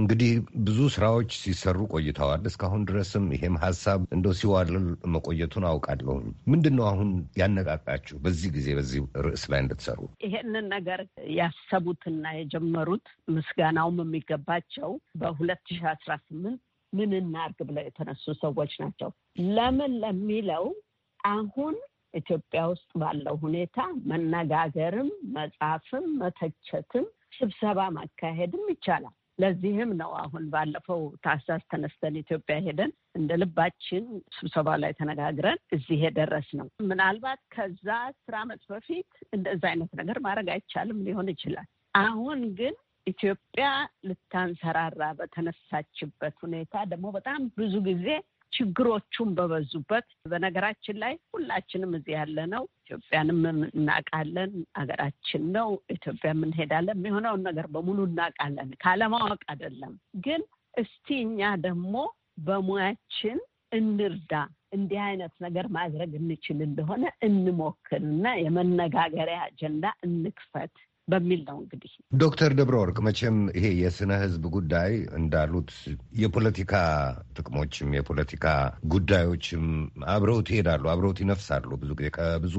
እንግዲህ ብዙ ስራዎች ሲሰሩ ቆይተዋል። እስካሁን ድረስም ይሄም ሀሳብ እንደው ሲዋልል መቆየቱን አውቃለሁኝ። ምንድን ነው አሁን ያነቃቃችሁ በዚህ ጊዜ በዚህ ርዕስ ላይ እንድትሰሩ። ይሄንን ነገር ያሰቡትና የጀመሩት ምስጋናውም የሚገባቸው በሁለት ሺህ አስራ ስምንት ምን እናርግ ብለው የተነሱ ሰዎች ናቸው። ለምን ለሚለው አሁን ኢትዮጵያ ውስጥ ባለው ሁኔታ መነጋገርም፣ መጻፍም፣ መተቸትም ስብሰባ ማካሄድም ይቻላል። ለዚህም ነው አሁን ባለፈው ታህሳስ ተነስተን ኢትዮጵያ ሄደን እንደ ልባችን ስብሰባ ላይ ተነጋግረን እዚህ የደረስ ነው። ምናልባት ከዛ አስር ዓመት በፊት እንደዛ አይነት ነገር ማድረግ አይቻልም ሊሆን ይችላል። አሁን ግን ኢትዮጵያ ልታንሰራራ በተነሳችበት ሁኔታ ደግሞ በጣም ብዙ ጊዜ ችግሮቹን በበዙበት በነገራችን ላይ ሁላችንም እዚህ ያለ ነው ኢትዮጵያንም እናውቃለን። ሀገራችን ነው ኢትዮጵያም እንሄዳለን። የሚሆነውን ነገር በሙሉ እናውቃለን። ካለማወቅ አይደለም። ግን እስቲ እኛ ደግሞ በሙያችን እንርዳ እንዲህ አይነት ነገር ማድረግ እንችል እንደሆነ እና የመነጋገሪያ አጀንዳ እንክፈት በሚል ነው እንግዲህ ዶክተር ደብረ ወርቅ መቼም ይሄ የስነ ህዝብ ጉዳይ እንዳሉት የፖለቲካ ጥቅሞችም የፖለቲካ ጉዳዮችም አብረውት ይሄዳሉ፣ አብረውት ይነፍሳሉ። ብዙ ጊዜ ከብዙ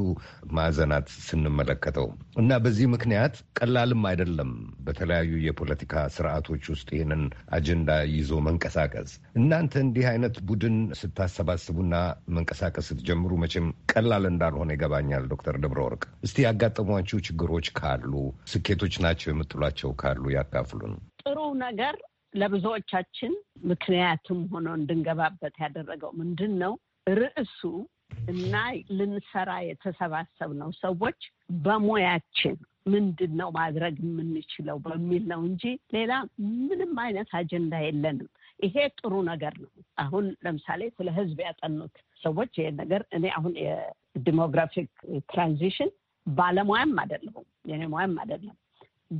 ማዕዘናት ስንመለከተው እና በዚህ ምክንያት ቀላልም አይደለም በተለያዩ የፖለቲካ ስርዓቶች ውስጥ ይህንን አጀንዳ ይዞ መንቀሳቀስ። እናንተ እንዲህ አይነት ቡድን ስታሰባስቡና መንቀሳቀስ ስትጀምሩ መቼም ቀላል እንዳልሆነ ይገባኛል። ዶክተር ደብረ ወርቅ እስቲ ያጋጠሟችሁ ችግሮች ካሉ ስኬቶች ናቸው የምትሏቸው ካሉ ያካፍሉን። ጥሩ ነገር ለብዙዎቻችን ምክንያትም ሆኖ እንድንገባበት ያደረገው ምንድን ነው ርዕሱ እና ልንሰራ የተሰባሰብነው ሰዎች በሙያችን ምንድን ነው ማድረግ የምንችለው በሚል ነው እንጂ ሌላ ምንም አይነት አጀንዳ የለንም። ይሄ ጥሩ ነገር ነው። አሁን ለምሳሌ ስለ ሕዝብ ያጠኑት ሰዎች ይሄን ነገር እኔ አሁን የዲሞግራፊክ ትራንዚሽን ባለሙያም አይደለሁም፣ የኔ ሙያም አይደለም።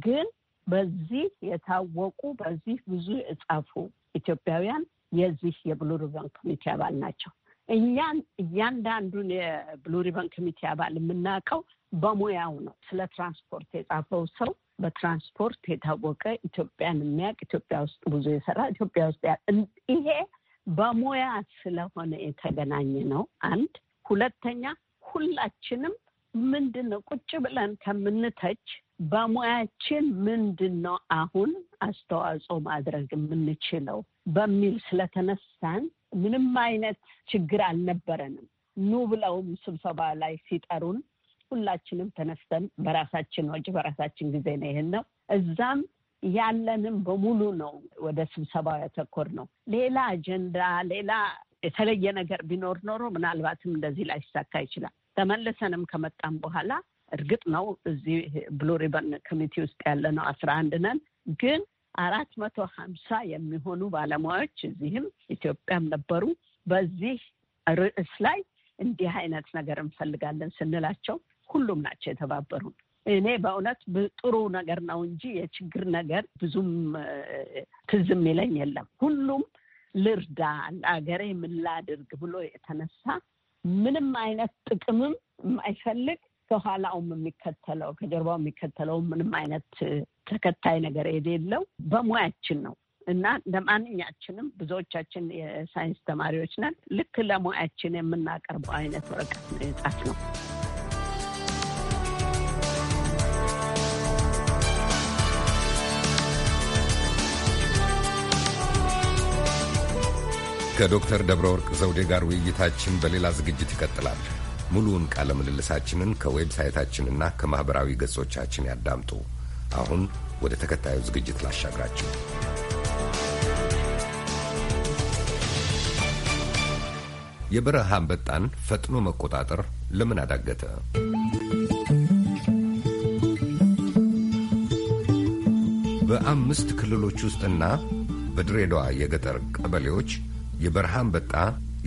ግን በዚህ የታወቁ በዚህ ብዙ የጻፉ ኢትዮጵያውያን የዚህ የብሉ ባንክ ኮሚቴ አባል ናቸው። እኛን እያንዳንዱን የብሉ ባንክ ኮሚቴ አባል የምናውቀው በሙያው ነው። ስለ ትራንስፖርት የጻፈው ሰው በትራንስፖርት የታወቀ ኢትዮጵያን የሚያውቅ ኢትዮጵያ ውስጥ ብዙ የሰራ ኢትዮጵያ ውስጥ ይሄ በሙያ ስለሆነ የተገናኘ ነው። አንድ ሁለተኛ ሁላችንም ምንድን ነው ቁጭ ብለን ከምንተች በሙያችን ምንድን ነው አሁን አስተዋጽኦ ማድረግ የምንችለው በሚል ስለተነሳን ምንም አይነት ችግር አልነበረንም። ኑ ብለውም ስብሰባ ላይ ሲጠሩን ሁላችንም ተነስተን በራሳችን ወጪ በራሳችን ጊዜ ነው ይህን ነው እዛም ያለንም በሙሉ ነው ወደ ስብሰባው ያተኮር ነው። ሌላ አጀንዳ ሌላ የተለየ ነገር ቢኖር ኖሮ ምናልባትም እንደዚህ ላይሳካ ይችላል። ተመልሰንም ከመጣም በኋላ እርግጥ ነው እዚህ ብሉ ሪበን ኮሚቴ ውስጥ ያለ ነው አስራ አንድ ነን ግን አራት መቶ ሀምሳ የሚሆኑ ባለሙያዎች እዚህም ኢትዮጵያም ነበሩ። በዚህ ርዕስ ላይ እንዲህ አይነት ነገር እንፈልጋለን ስንላቸው ሁሉም ናቸው የተባበሩን። እኔ በእውነት ጥሩ ነገር ነው እንጂ የችግር ነገር ብዙም ትዝም ይለኝ የለም። ሁሉም ልርዳ፣ ለአገሬ ምን ላድርግ ብሎ የተነሳ ምንም አይነት ጥቅምም የማይፈልግ ከኋላውም የሚከተለው ከጀርባው የሚከተለው ምንም አይነት ተከታይ ነገር የሌለው በሙያችን ነው እና ለማንኛችንም ብዙዎቻችን የሳይንስ ተማሪዎች ነን። ልክ ለሙያችን የምናቀርበው አይነት ወረቀት ነው የጻፍነው። ከዶክተር ደብረ ወርቅ ዘውዴ ጋር ውይይታችን በሌላ ዝግጅት ይቀጥላል። ሙሉውን ቃለ ምልልሳችንን ከዌብሳይታችንና ከማኅበራዊ ገጾቻችን ያዳምጡ። አሁን ወደ ተከታዩ ዝግጅት ላሻግራችሁ። የበረሃ አንበጣን ፈጥኖ መቆጣጠር ለምን አዳገተ? በአምስት ክልሎች ውስጥና በድሬዳዋ የገጠር ቀበሌዎች የበረሃ አንበጣ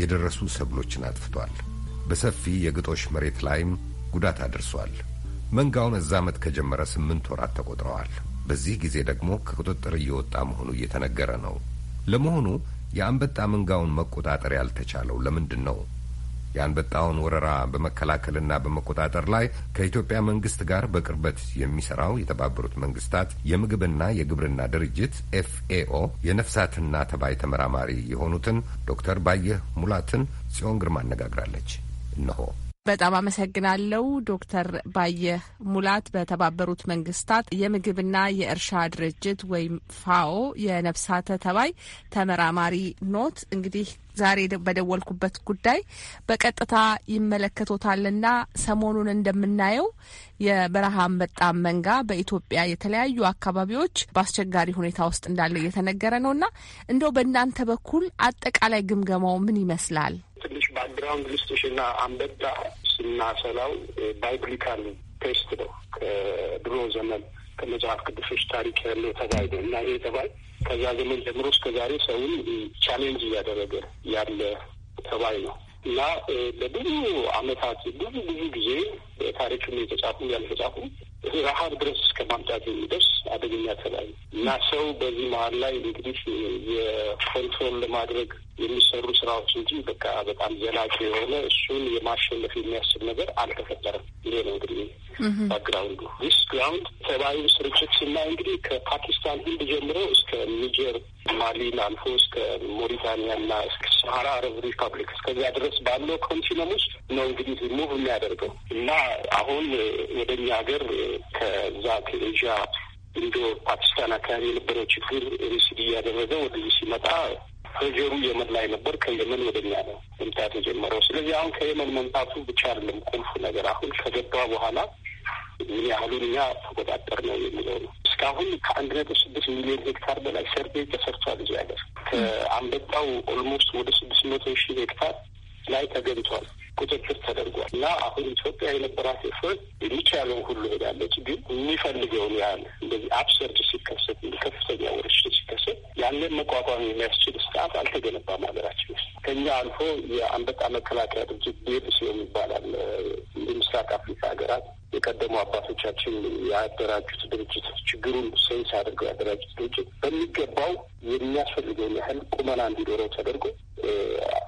የደረሱ ሰብሎችን አጥፍቷል። በሰፊ የግጦሽ መሬት ላይም ጉዳት አድርሷል። እዛ ዓመት ከጀመረ ስምንት ወራት ተቆጥረዋል። በዚህ ጊዜ ደግሞ ከቁጥጥር እየወጣ መሆኑ እየተነገረ ነው። ለመሆኑ የአንበጣ መንጋውን መቆጣጠር ያልተቻለው ለምንድን ነው? የአንበጣውን ወረራ በመከላከልና በመቆጣጠር ላይ ከኢትዮጵያ መንግስት ጋር በቅርበት የሚሰራው የተባበሩት መንግስታት የምግብና የግብርና ድርጅት ኤፍኤኦ የነፍሳትና ተባይ ተመራማሪ የሆኑትን ዶክተር ባየህ ሙላትን ጽዮን ግርማ አነጋግራለች። እነሆ በጣም አመሰግናለሁ ዶክተር ባየህ ሙላት በተባበሩት መንግስታት የምግብና የእርሻ ድርጅት ወይም ፋኦ የነፍሳተ ተባይ ተመራማሪ ኖት። እንግዲህ ዛሬ በደወልኩበት ጉዳይ በቀጥታ ይመለከቶታልና ሰሞኑን እንደምናየው የበረሃ አንበጣ መንጋ በኢትዮጵያ የተለያዩ አካባቢዎች በአስቸጋሪ ሁኔታ ውስጥ እንዳለ እየተነገረ ነውና እንደው በእናንተ በኩል አጠቃላይ ግምገማው ምን ይመስላል? ትንሽ ባክግራውንድ ልስጥሽና አንበጣ ስናሰላው ባይብሊካል ቴስት ነው። ከድሮ ዘመን ከመጽሐፍ ቅዱሶች ታሪክ ያለው ተባይ ነው እና ይሄ ተባይ ከዛ ዘመን ጀምሮ እስከ ዛሬ ሰውን ቻሌንጅ እያደረገ ያለ ተባይ ነው እና ለብዙ አመታት ብዙ ብዙ ጊዜ ታሪክም የተጻፉ ያልተጻፉ ረሀብ ድረስ እስከ ማምጣት የሚደርስ አደገኛ ተላይ እና ሰው በዚህ መሀል ላይ እንግዲህ የኮንትሮል ለማድረግ የሚሰሩ ስራዎች እንጂ በቃ በጣም ዘላቂ የሆነ እሱን የማሸነፍ የሚያስብ ነገር አልተፈጠረም። ይሄ ነው እንግዲህ ባክግራውንዱ። ዲስ ግራውንድ ተባዩ ስርጭት ስናይ እንግዲህ ከፓኪስታን ህንድ ጀምሮ እስከ ኒጀር ማሊን አልፎ እስከ ሞሪታኒያ እና እስከ ሰሀራ አረብ ሪፐብሊክ እስከዚያ ድረስ ባለው ኮንቲነም ውስጥ ነው እንግዲህ ሙቭ የሚያደርገው እና አሁን ወደ እኛ ሀገር ከዛ ከኤዥያ እንዶ ፓኪስታን አካባቢ የነበረው ችግር ሪሲድ እያደረገ ወደዚህ ሲመጣ ፕሬሩ የመን ላይ ነበር። ከየመን ወደኛ ነው መምጣት የጀመረው። ስለዚህ አሁን ከየመን መምጣቱ ብቻ አይደለም ቁልፉ ነገር አሁን ከገባ በኋላ ምን ያህሉን እኛ ተቆጣጠር ነው የሚለው ነው። እስካሁን ከአንድ ነጥብ ስድስት ሚሊዮን ሄክታር በላይ ሰርቤ ተሰርቷል። እዚህ ሀገር ከአንበጣው ኦልሞስት ወደ ስድስት መቶ ሺህ ሄክታር ላይ ተገኝቷል። ቁጥጥር ተደርጓል እና አሁን ኢትዮጵያ የነበራት ኤፈርት የሚቻለውን ሁሉ ሄዳለች። ግን የሚፈልገውን ያህል እንደዚህ አብሰርድ ሲከሰት ከፍተኛ ወረርሽኝ ሲከሰት ያለን መቋቋም የሚያስችል ስርዓት አልተገነባም ሀገራችን ውስጥ። ከኛ አልፎ የአንበጣ መከላከያ ድርጅት ቤርስ የሚባላል የምስራቅ አፍሪካ ሀገራት የቀደሙ አባቶቻችን ያደራጁት ድርጅት ችግሩን ሴንስ አድርገው ያደራጁት ድርጅት በሚገባው የሚያስፈልገውን ያህል ቁመና እንዲኖረው ተደርጎ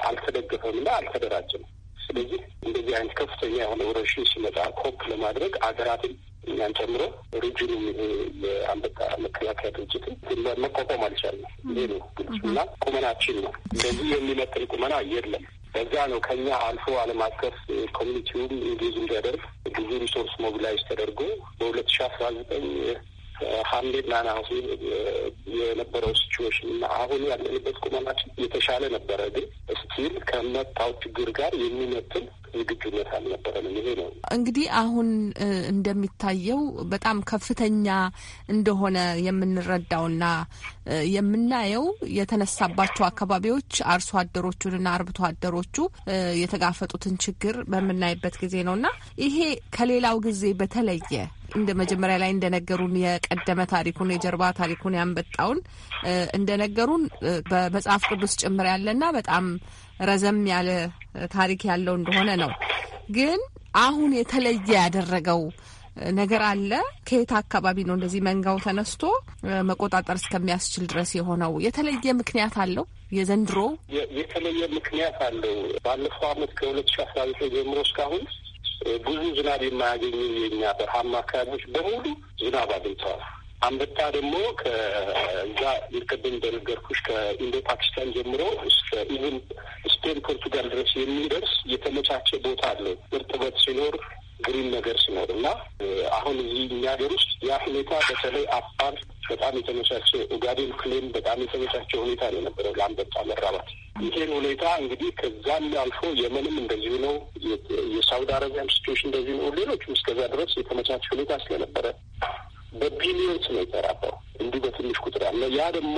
አልተደገፈም እና አልተደራጀም። ስለዚህ እንደዚህ አይነት ከፍተኛ የሆነ ወረርሽኝ ሲመጣ ኮፕ ለማድረግ አገራትን እኛን ጨምሮ ሪጅኑም ይሄ የአንበጣ መከላከያ ድርጅትን መቋቋም አልቻልንም። ይሄ ነው ግልጽ እና ቁመናችን ነው። እንደዚህ የሚመጥን ቁመና የለም። በዛ ነው ከኛ አልፎ ዓለም አቀፍ ኮሚኒቲውም እንዲዙ እንዲያደርግ ብዙ ሪሶርስ ሞቢላይዝ ተደርጎ በሁለት ሺ አስራ ዘጠኝ ሐምሌና ነሐሴ የነበረው ሲቹዌሽን እና አሁን ያለንበት ቁመናችን የተሻለ ነበረ። ግን ስቲል ከመታው ችግር ጋር የሚመትል ዝግጁነት አልነበረንም። ይሄ ነው እንግዲህ አሁን እንደሚታየው በጣም ከፍተኛ እንደሆነ የምንረዳውና የምናየው የተነሳባቸው አካባቢዎች አርሶ አደሮቹንና አርብቶ አደሮቹ የተጋፈጡትን ችግር በምናይበት ጊዜ ነውና ይሄ ከሌላው ጊዜ በተለየ እንደ መጀመሪያ ላይ እንደነገሩን የቀደመ ታሪኩን የጀርባ ታሪኩን ያንበጣውን እንደነገሩን በመጽሐፍ ቅዱስ ጭምር ያለና በጣም ረዘም ያለ ታሪክ ያለው እንደሆነ ነው። ግን አሁን የተለየ ያደረገው ነገር አለ። ከየት አካባቢ ነው እንደዚህ መንጋው ተነስቶ መቆጣጠር እስከሚያስችል ድረስ የሆነው? የተለየ ምክንያት አለው? የዘንድሮ የተለየ ምክንያት አለው። ባለፈው አመት ከሁለት ሺ አስራ ዘጠኝ ጀምሮ እስካሁን ብዙ ዝናብ የማያገኙ የኛ በረሃማ አካባቢዎች በሙሉ ዝናብ አግኝተዋል። አንበጣ ደግሞ ከዛ ቅድም እንደነገርኩሽ ከኢንዶ ፓኪስታን ጀምሮ እስከ ኢቭን ስፔን፣ ፖርቱጋል ድረስ የሚደርስ የተመቻቸ ቦታ አለው እርጥበት ሲኖር ግሪን ነገር ሲኖር እና አሁን እዚህ እኛ ሀገር ውስጥ ያ ሁኔታ በተለይ አፋር በጣም የተመቻቸ ኡጋዴን ክሌም በጣም የተመቻቸ ሁኔታ ነው የነበረው ለአንበጣ መራባት። ይሄን ሁኔታ እንግዲህ ከዛም አልፎ የመንም እንደዚሁ ነው። የሳውዲ አረቢያም ሲትዌሽን እንደዚሁ ነው። ሌሎችም እስከዛ ድረስ የተመቻቸ ሁኔታ ስለነበረ በቢሊዮንስ ነው የተራባው እንዲህ በትንሽ ቁጥር ያለ ያ ደግሞ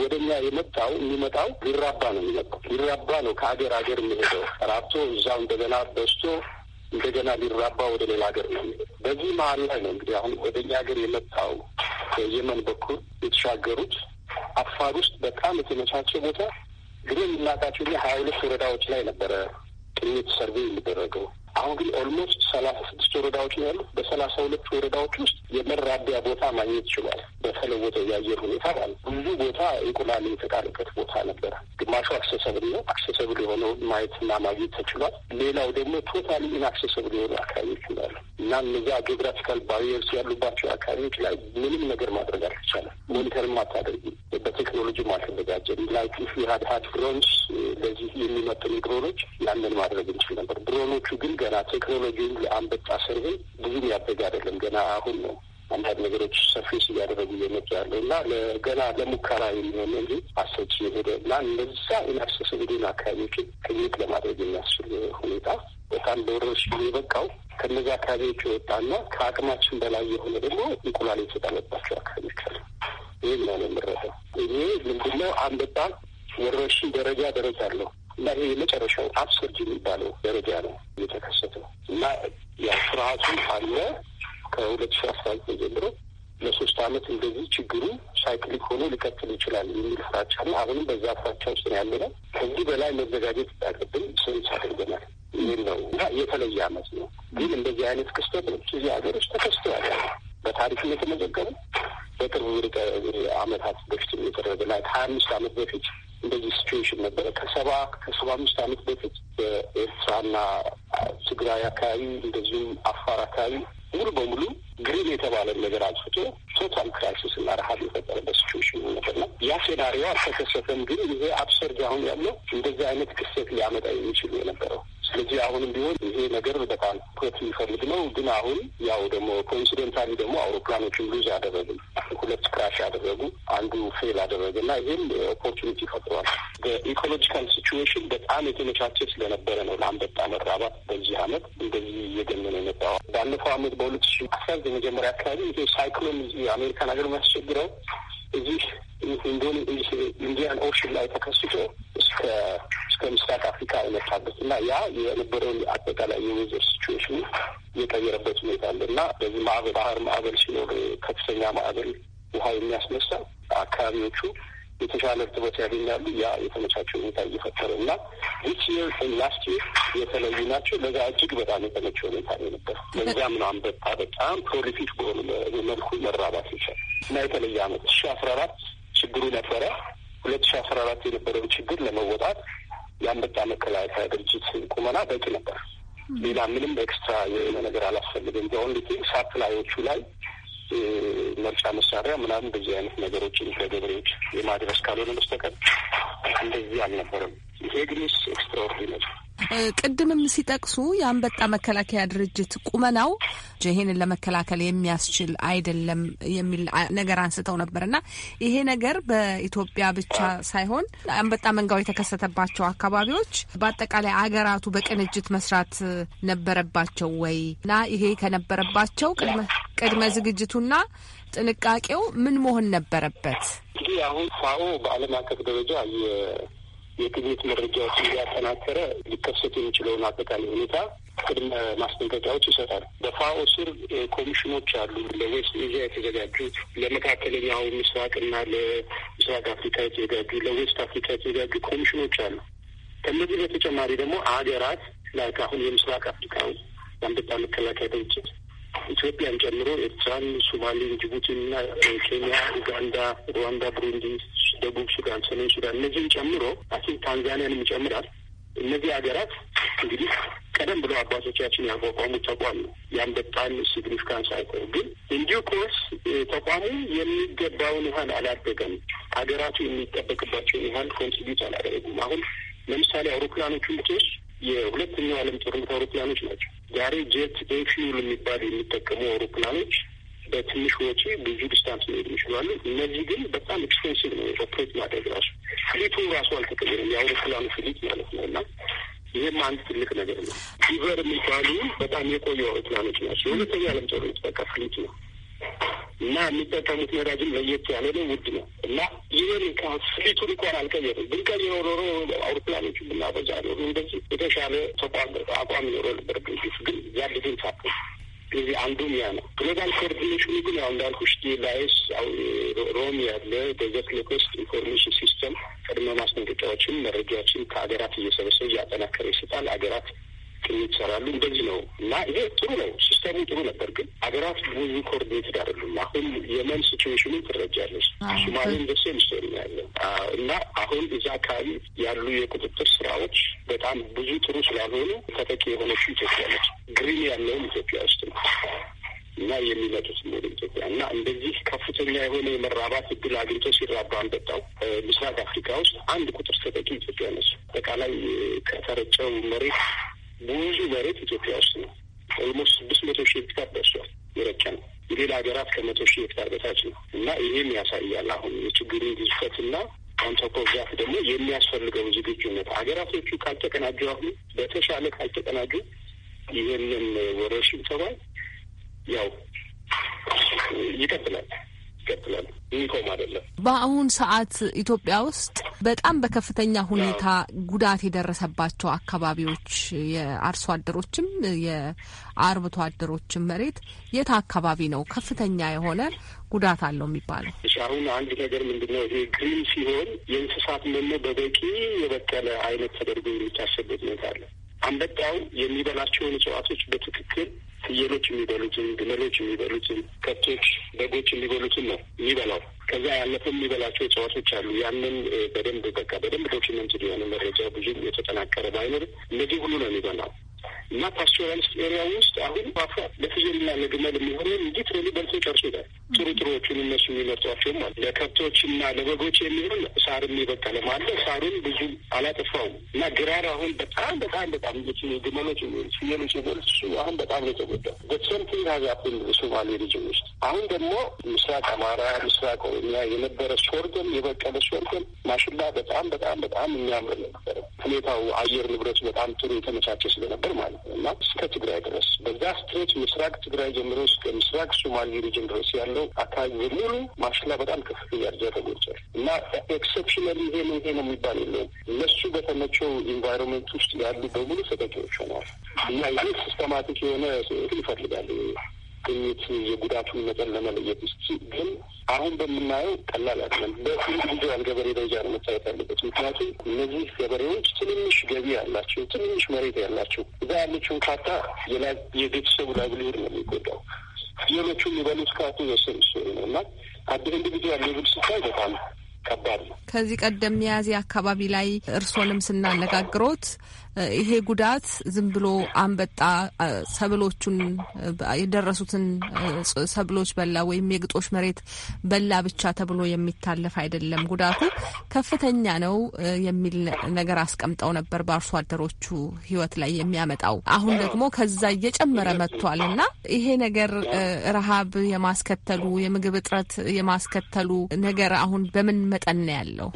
ወደ እኛ የመጣው የሚመጣው ሊራባ ነው የሚመጣው ሊራባ ነው ከሀገር ሀገር የሚሄደው ራብቶ እዛው እንደገና በስቶ እንደገና ሊራባ ወደ ሌላ ሀገር ነው የሚሄደው። በዚህ መሀል ላይ ነው እንግዲህ አሁን ወደ እኛ ሀገር የመጣው የመን በኩል የተሻገሩት አፋር ውስጥ በጣም የተመቻቸ ቦታ ግን የምናውቃቸው ሀያ ሁለት ወረዳዎች ላይ ነበረ ቅኝት ሰርቬ የሚደረገው አሁን ግን ኦልሞስት ሰላሳ ስድስት ወረዳዎች ነው ያሉ በሰላሳ ሁለት ወረዳዎች ውስጥ የመራቢያ ቦታ ማግኘት ችሏል። በተለወጠው የአየር ሁኔታ ማለት ብዙ ቦታ ኢኮኖሚ የተጣለበት ቦታ ነበረ። ግማሹ አክሰሰብል ነው። አክሰሰብል የሆነውን ማየትና ማግኘት ተችሏል። ሌላው ደግሞ ቶታሊ ኢንአክሰሰብል የሆኑ አካባቢዎች ይላሉ እና እነዚያ ጂኦግራፊካል ባሪየርስ ያሉባቸው አካባቢዎች ላይ ምንም ነገር ማድረግ አልተቻለም። ሞኒተርም አታደርጊ፣ በቴክኖሎጂ አልተዘጋጀም። ላይክ ፍ ሀድ ሀድ ድሮንስ ለዚህ የሚመጥኑ ድሮኖች ያንን ማድረግ እንችል ነበር። ድሮኖቹ ግን ገና ቴክኖሎጂ የአንበጣ ስርብን ብዙም ያደገ አይደለም። ገና አሁን ነው አንዳንድ ነገሮች ሰርፌስ እያደረጉ እየመጡ ያለ እና ገና ለሙከራ የሚሆን እንጂ አሰች የሄደ እና እንደዛ ኢናክሰስ እንዲሁን አካባቢዎችን ቅኝት ለማድረግ የሚያስችል ሁኔታ በጣም ለወረርሽኝ የበቃው ከእነዚህ አካባቢዎች የወጣና ከአቅማችን በላይ የሆነ ደግሞ እንቁላል የተጣለባቸው አካባቢዎች አሉ። ይህ ነው የምረተው ይህ ምንድነው አንበጣ ወረርሽኝ ደረጃ ደረጃ አለው እና ይሄ የመጨረሻው አብሰርድ የሚባለው ደረጃ ነው እየተከሰተው እና ያ ፍርሀቱ አለ ከሁለት ሺ አስራ ዘጠኝ ጀምሮ ለሶስት አመት እንደዚህ ችግሩ ሳይክሊክ ሆኖ ሊቀጥል ይችላል የሚል ፍራቻ ነው። አሁንም በዛ ፍራቻ ውስጥ ነው ያለ ነው። ከዚህ በላይ መዘጋጀት ያለብን ስንት አድርገናል የሚል ነው እና የተለየ አመት ነው። ግን እንደዚህ አይነት ክስተቶች እዚህ ሀገር ውስጥ ተከስቶ ያለ በታሪክም የተመዘገበ በቅርብ አመታት በፊት የተደረገ ላይ ሀያ አምስት አመት በፊት እንደዚህ ሲቹዌሽን ነበረ። ከሰባ ከሰባ አምስት አመት በፊት በኤርትራና ትግራይ አካባቢ እንደዚሁም አፋር አካባቢ ሙሉ በሙሉ ግሪን የተባለ ነገር አልፍቶ ቶታል ክራይሲስ እና ረሀብ የፈጠረበት ሲቹዌሽን ነው። ያ ሴናሪዮ አልተከሰተም። ግን ይሄ አብሰርድ አሁን ያለው እንደዚህ አይነት ክስተት ሊያመጣ የሚችሉ የነበረው ስለዚህ አሁንም ቢሆን ይሄ ነገር በጣም ትኩረት የሚፈልግ ነው። ግን አሁን ያው ደግሞ ኮኢንሲደንታሊ ደግሞ አውሮፕላኖችን ሉዝ አደረጉ። ሁለት ክራሽ አደረጉ፣ አንዱ ፌል አደረገ እና ይህም ኦፖርቹኒቲ ፈጥሯል። በኢኮሎጂካል ሲትዌሽን በጣም የተመቻቸ ስለነበረ ነው ለአንበጣ መራባት በዚህ አመት እንደዚህ እየገነነ የመጣው። ባለፈው አመት በሁለት ሺ አስራ ዘጠኝ መጀመሪያ አካባቢ ሳይክሎን አሜሪካን ሀገር የሚያስቸግረው ይህ ኢንዲያን ኦሽን ላይ ተከስቶ እስከ እስከ ምስራቅ አፍሪካ የመጣበት እና ያ የነበረውን አጠቃላይ የወዘር ሲትዌሽን የቀየረበት ሁኔታ አለ እና በዚህ ማዕበል ባህር ማዕበል ሲኖር ከፍተኛ ማዕበል ውሃ የሚያስነሳ አካባቢዎቹ የተሻለ እርጥበት ያገኛሉ። ያ የተመቻቸው ሁኔታ እየፈጠረ እና ዊች ይር ላስት ይር የተለዩ ናቸው። ለዛ እጅግ በጣም የተመቸ ሁኔታ ነው የነበረ። ለዚያም ነው አንበጣ በጣም ፕሮሊፊክ በሆኑ መልኩ መራባት ይቻል እና የተለየ አመት ሺ አስራ አራት ችግሩ ነበረ። ሁለት ሺ አስራ አራት የነበረውን ችግር ለመወጣት የአንበጣ መከላከያ ድርጅት ቁመና በቂ ነበር። ሌላ ምንም ኤክስትራ የሆነ ነገር አላስፈልግም። በአሁን ሳፕላዮቹ ላይ መርጫ መሳሪያ ምናምን እንደዚህ አይነት ነገሮችን ለገበሬዎች የማድረስ ካልሆነ በስተቀር እንደዚህ አልነበረም። ይሄ ግንስ ኤክስትራኦርዲነር ቅድምም ሲጠቅሱ የአንበጣ መከላከያ ድርጅት ቁመናው ይህንን ለመከላከል የሚያስችል አይደለም የሚል ነገር አንስተው ነበር እና ይሄ ነገር በኢትዮጵያ ብቻ ሳይሆን አንበጣ መንጋው የተከሰተባቸው አካባቢዎች በአጠቃላይ አገራቱ በቅንጅት መስራት ነበረባቸው ወይ እና ይሄ ከነበረባቸው ቅድመ ቅድመ ዝግጅቱና ጥንቃቄው ምን መሆን ነበረበት? እንግዲህ አሁን ፋኦ በዓለም አቀፍ ደረጃ የግኝት መረጃዎች እያጠናከረ ሊከሰት የሚችለውን አጠቃላይ ሁኔታ ቅድመ ማስጠንቀቂያዎች ይሰጣል። በፋኦ ስር ኮሚሽኖች አሉ። ለዌስት ኤዥያ የተዘጋጁ፣ ለመካከለኛው ምስራቅና ለምስራቅ አፍሪካ የተዘጋጁ፣ ለዌስት አፍሪካ የተዘጋጁ ኮሚሽኖች አሉ። ከነዚህ በተጨማሪ ደግሞ አገራት ላይ አሁን የምስራቅ አፍሪካ የአንበጣ መከላከያ ድርጅት ኢትዮጵያን ጨምሮ ኤርትራን፣ ሶማሌን፣ ጅቡቲና ኬንያ፣ ኡጋንዳ፣ ሩዋንዳ፣ ብሩንዲ፣ ደቡብ ሱዳን፣ ሰሜን ሱዳን እነዚህን ጨምሮ አን ታንዛኒያንም ይጨምራል። እነዚህ ሀገራት እንግዲህ ቀደም ብለው አባቶቻችን ያቋቋሙት ተቋም ነው። ያን በጣም ሲግኒፊካንስ አይቆም፣ ግን እንዲሁ ኮርስ ተቋሙ የሚገባውን ያህል አላደገም። ሀገራቱ የሚጠበቅባቸውን ያህል ኮንትሪቢዩት አላደረጉም። አሁን ለምሳሌ አውሮፕላኖቹ ልቶች የሁለተኛው ዓለም ጦርነት አውሮፕላኖች ናቸው። ዛሬ ጀት ኤፍዩል የሚባሉ የሚጠቀሙ አውሮፕላኖች በትንሽ ወጪ ብዙ ዲስታንስ ሊሄዱ ይችላሉ። እነዚህ ግን በጣም ኤክስፔንሲቭ ነው ኦፕሬት ማድረግ ራሱ ፍሊቱ ራሱ አልተቀየረም፣ የአውሮፕላኑ ፍሊት ማለት ነው እና ይህም አንድ ትልቅ ነገር ነው። ፊቨር የሚባሉ በጣም የቆዩ አውሮፕላኖች ናቸው። የሁለተኛ ዓለም ጦርነት በቃ ፍሊት ነው። እና የሚጠቀሙት ነዳጅም ለየት ያለ ነው፣ ውድ ነው እና ይህን ፍሊቱን እንኳን አልቀየርም። ብንቀይረው ኖሮ አውሮፕላኖቹ ብናበዛ ኖሮ እንደዚህ የተሻለ ተቋም አቋም ኖሮ ነበር። ግንፊት ግን ያለግን ታ ስለዚህ አንዱም ያ ነው። ግሎባል ኮኦርዲኔሽኑ ግን ያው እንዳልኩሽ ላይስ ሮም ያለ በዘት ለኮስ ኢንፎርሜሽን ሲስተም ቅድመ ማስጠንቀቂያዎችን መረጃዎችን ከሀገራት እየሰበሰብ እያጠናከረ ይሰጣል። ሀገራት ቅኝት ይሰራሉ። እንደዚህ ነው እና ይሄ ጥሩ ነው፣ ሲስተሙ ጥሩ ነበር። ግን ሀገራት ብዙ ኮኦርዲኔትድ አይደሉም። አሁን የመን ሲቹዌሽኑን ትረጃለች። ሶማሌን ደሴ ሚስቶሪ ያለ እና አሁን እዛ አካባቢ ያሉ የቁጥጥር ስራዎች በጣም ብዙ ጥሩ ስላልሆኑ ተጠቂ የሆነች ኢትዮጵያ ነች። ግሪን ያለውም ኢትዮጵያ ውስጥ ነው እና የሚመጡት ወደ ኢትዮጵያ እና እንደዚህ ከፍተኛ የሆነ የመራባት እድል አግኝቶ ሲራባ አንበጣው ምስራቅ አፍሪካ ውስጥ አንድ ቁጥር ተጠቂ ኢትዮጵያ ነች። አጠቃላይ ከተረጨው መሬት ብዙ መሬት ኢትዮጵያ ውስጥ ነው። ኦልሞስት ስድስት መቶ ሺህ ሄክታር ደርሷል። የረጨ ነው። የሌላ ሀገራት ከመቶ ሺህ ሄክታር በታች ነው እና ይህም ያሳያል አሁን የችግሩን ግዝፈትና አንቶፖግራፍ ደግሞ የሚያስፈልገው ዝግጁነት ሀገራቶቹ ካልተቀናጁ አሁን በተሻለ ካልተቀናጁ ይህንን ወረርሽኝ ተባይ ያው ይቀጥላል። ይቀጥላል። የሚቆም አይደለም። በአሁን ሰዓት ኢትዮጵያ ውስጥ በጣም በከፍተኛ ሁኔታ ጉዳት የደረሰባቸው አካባቢዎች የአርሶ አደሮችም የአርብቶ አደሮችም መሬት የት አካባቢ ነው ከፍተኛ የሆነ ጉዳት አለው የሚባለው? እሺ አሁን አንድ ነገር ምንድን ነው ይሄ ግሪን ሲሆን የእንስሳት መኖ በበቂ የበቀለ አይነት ተደርጎ የሚታሰብበት ሁኔታ አለ። አንበጣው የሚበላቸውን እጽዋቶች በትክክል ፍየሎች የሚበሉትን፣ ግመሎች የሚበሉትን፣ ከብቶች፣ በጎች የሚበሉትን ነው የሚበላው። ከዛ ያለፈ የሚበላቸው እጽዋቶች አሉ። ያንን በደንብ በቃ በደንብ ዶኪመንት የሆነ መረጃ ብዙም የተጠናቀረ ባይኖርም እነዚህ ሁሉ ነው የሚበላው። እና ፓስቸራሊስት ኤሪያ ውስጥ አሁን አፏ ለፍየልና ለግመል የሚሆነ እንዲህ ትሬሊ በልቶ ጨርሶታል። ጥሩ ጥሩዎቹን እነሱ የሚመርጧቸውም ለከብቶች ለከብቶችና ለበጎች የሚሆን ሳርም ይበቀለም አለ። ሳሩን ብዙ አላጠፋውም እና ግራር አሁን በጣም በጣም በጣም ግመሎች፣ ፍየሎች እሱ አሁን በጣም ነው የተጎዳው። በሰምቲንግ ሀዝ ሀፕን ሶማሌ ሪጅን ውስጥ አሁን ደግሞ ምስራቅ አማራ፣ ምስራቅ ኦሮሚያ የነበረ ሶርገም የበቀለ ሶርገም ማሽላ በጣም በጣም በጣም የሚያምር ነበረ። ሁኔታው አየር ንብረቱ በጣም ጥሩ የተመቻቸ ስለነበር ማለት ነው እና እስከ ትግራይ ድረስ በዛ ስትሬች ምስራቅ ትግራይ ጀምሮ እስከ ምስራቅ ሶማሌ ሪጅን ድረስ ያለው አካባቢ በሙሉ ማሽላ በጣም ከፍ እያደረገ ተጎድቷል እና ኤክሰፕሽናል ይሄ ነው ይሄ ነው የሚባል የለውም። እነሱ በተመቸው ኢንቫይሮንመንት ውስጥ ያሉ በሙሉ ተጠቂዎች ሆነዋል እና ይህ ሲስተማቲክ የሆነ ይፈልጋል ግኝት የጉዳቱን መጠን ለመለየት ውስጥ ግን አሁን በምናየው ቀላል አይደለም። በኢንዲቪጁዋል ገበሬ ደረጃ ነው መታየት ያለበት። ምክንያቱም እነዚህ ገበሬዎች ትንንሽ ገቢ ያላቸው፣ ትንንሽ መሬት ያላቸው እዛ ያለችውን ካርታ የቤተሰቡ ላይብሊሁድ ነው የሚጎዳው። ሌሎቹ የሚበሉት ካርቱ የስር ሱ ነው እና አድ ኢንዲቪጁዋል ሌብል ስታይ በጣም ከባድ ነው። ከዚህ ቀደም ሚያዝያ አካባቢ ላይ እርስዎንም ስናነጋግሮት ይሄ ጉዳት ዝም ብሎ አንበጣ ሰብሎቹን የደረሱትን ሰብሎች በላ ወይም የግጦሽ መሬት በላ ብቻ ተብሎ የሚታለፍ አይደለም። ጉዳቱ ከፍተኛ ነው የሚል ነገር አስቀምጠው ነበር በአርሶ አደሮቹ ሕይወት ላይ የሚያመጣው አሁን ደግሞ ከዛ እየጨመረ መጥቷል እና ይሄ ነገር ረሃብ የማስከተሉ የምግብ እጥረት የማስከተሉ ነገር አሁን በምን መጠን ያለው?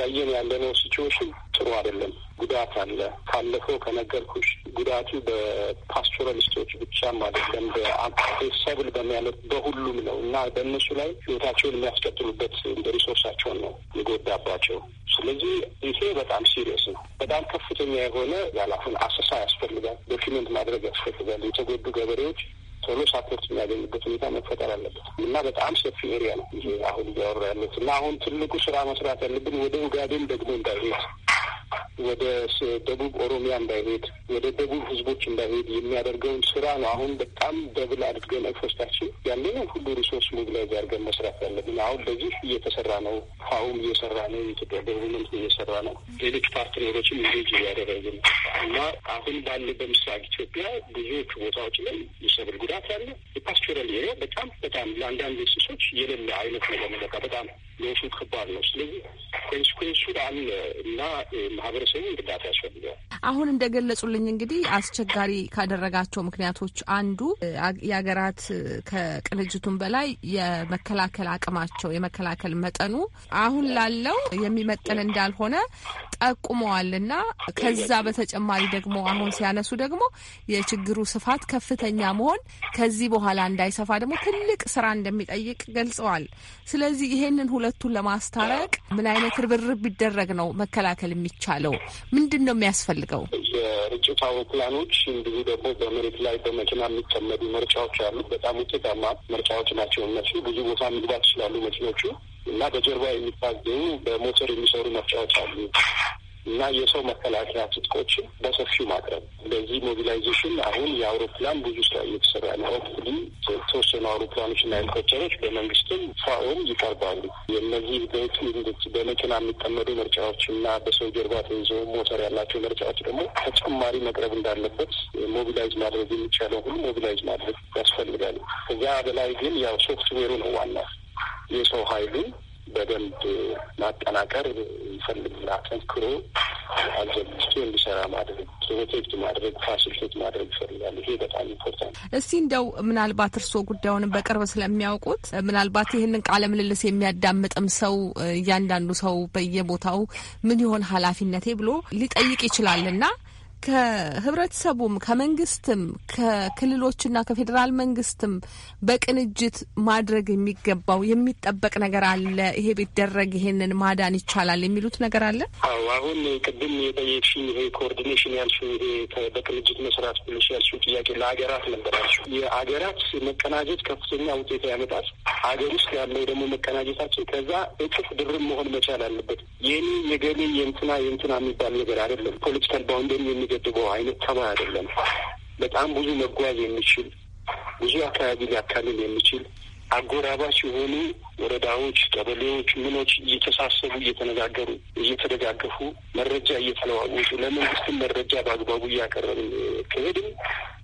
ያየን ያለነው ሲቹዌሽን ጥሩ አይደለም። ጉዳት አለ። ካለፈው ከነገርኩሽ ጉዳቱ በፓስቶራሊስቶች ብቻም አይደለም፣ በሰብል በሚያለት በሁሉም ነው እና በእነሱ ላይ ህይወታቸውን የሚያስቀጥሉበት እንደ ሪሶርሳቸውን ነው የጎዳባቸው። ስለዚህ ይሄ በጣም ሲሪየስ ነው። በጣም ከፍተኛ የሆነ ያላሁን አሰሳ ያስፈልጋል። ዶኪመንት ማድረግ ያስፈልጋል። የተጎዱ ገበሬዎች ቶሎ ሳፖርት የሚያገኝበት ሁኔታ መፈጠር አለበት እና በጣም ሰፊ ኤሪያ ነው ይሄ አሁን እያወራ ያለት እና አሁን ትልቁ ስራ መስራት ያለብን ወደ ኡጋዴን ደግሞ እንዳይሄድ ወደ ደቡብ ኦሮሚያ እንዳይሄድ፣ ወደ ደቡብ ህዝቦች እንዳይሄድ የሚያደርገውን ስራ ነው። አሁን በጣም ደብል አድርገን ኤክፎርታችን ያንን ሁሉ ሪሶርስ ሞቢላይዝ አድርገን መስራት ያለብን አሁን በዚህ እየተሰራ ነው። ፋውም እየሰራ ነው። የኢትዮጵያ ገቨርንመንት እየሰራ ነው። ሌሎች ፓርትነሮችም ልጅ እያደረግ ነው እና አሁን ባለ በምስራቅ ኢትዮጵያ ብዙዎቹ ቦታዎች ላይ የሰብል ጉዳት ያለ የፓስቸራል ኤሪያ በጣም በጣም ለአንዳንድ እንስሶች የሌለ አይነት ነገር ነው። በቃ በጣም ለውሱ ከባድ ነው። ስለዚህ ኮንስኮንሱ አለ እና ማህበረሰቡ እርዳታ ያስፈልገዋል። አሁን እንደገለጹልኝ እንግዲህ አስቸጋሪ ካደረጋቸው ምክንያቶች አንዱ የሀገራት ከቅንጅቱን በላይ የመከላከል አቅማቸው የመከላከል መጠኑ አሁን ላለው የሚመጠን እንዳልሆነ ጠቁመዋልና ከዛ በተጨማሪ ደግሞ አሁን ሲያነሱ ደግሞ የችግሩ ስፋት ከፍተኛ መሆን ከዚህ በኋላ እንዳይሰፋ ደግሞ ትልቅ ስራ እንደሚጠይቅ ገልጸዋል። ስለዚህ ይሄንን ሁለቱን ለማስታረቅ ምን አይነት ርብርብ ቢደረግ ነው መከላከል የሚቻል? የቻለው? ምንድን ነው የሚያስፈልገው? የርጭት አውሮፕላኖች እንዲሁ ደግሞ በመሬት ላይ በመኪና የሚጠመዱ መርጫዎች አሉ። በጣም ውጤታማ መርጫዎች ናቸው እነሱ። ብዙ ቦታ መግባት ይችላሉ መኪኖቹ እና በጀርባ የሚታገኙ በሞተር የሚሰሩ መርጫዎች አሉ እና የሰው መከላከያ ትጥቆችን በሰፊው ማቅረብ። በዚህ ሞቢላይዜሽን አሁን የአውሮፕላን ብዙ ስራ እየተሰራ ነው። እንግዲህ የተወሰኑ አውሮፕላኖች እና ሄሊኮፕተሮች በመንግስትም ፋኦም ይቀርባሉ። የእነዚህ በመኪና የሚጠመዱ ምርጫዎች እና በሰው ጀርባ ተይዞ ሞተር ያላቸው ምርጫዎች ደግሞ ተጨማሪ መቅረብ እንዳለበት ሞቢላይዝ ማድረግ የሚቻለው ሁሉ ሞቢላይዝ ማድረግ ያስፈልጋል። ከዛ በላይ ግን ያው ሶፍትዌሩ ነው ዋና የሰው ኃይሉን በደንብ ማጠናከር ይፈልግና አጠንክሮ አዘጋጅቶ እንዲሰራ ማድረግ ፕሮቴክት ማድረግ ፋሲሊቴት ማድረግ ይፈልጋል። ይሄ በጣም ኢምፖርታንት። እስቲ እንደው ምናልባት እርስዎ ጉዳዩንም በቅርብ ስለሚያውቁት ምናልባት ይህንን ቃለ ምልልስ የሚያዳምጥም ሰው እያንዳንዱ ሰው በየቦታው ምን ይሆን ኃላፊነቴ ብሎ ሊጠይቅ ይችላል እና ከህብረተሰቡም ከመንግስትም ከክልሎችና ከፌዴራል መንግስትም በቅንጅት ማድረግ የሚገባው የሚጠበቅ ነገር አለ። ይሄ ቢደረግ ይሄንን ማዳን ይቻላል የሚሉት ነገር አለ። አዎ አሁን ቅድም የጠየቅሽ ይሄ ኮኦርዲኔሽን ያልሽ ይሄ በቅንጅት መስራት ብልሽ ያልሽ ጥያቄ ለሀገራት ነበራቸው። የሀገራት መቀናጀት ከፍተኛ ውጤት ያመጣል። ሀገር ውስጥ ያለው ደግሞ መቀናጀታችን ከዛ እጥፍ ድርም መሆን መቻል አለበት። የኔ የገሌ የእንትና የእንትና የሚባል ነገር አይደለም። ፖለቲካል ባውንደሪ የሚ የሚገድበው አይነት ተማ አይደለም። በጣም ብዙ መጓዝ የሚችል ብዙ አካባቢ ሊያካልል የሚችል አጎራባች የሆኑ ወረዳዎች፣ ቀበሌዎች፣ ምኖች እየተሳሰቡ እየተነጋገሩ እየተደጋገፉ መረጃ እየተለዋወጡ ለመንግስትም መረጃ በአግባቡ እያቀረብን ከሄድም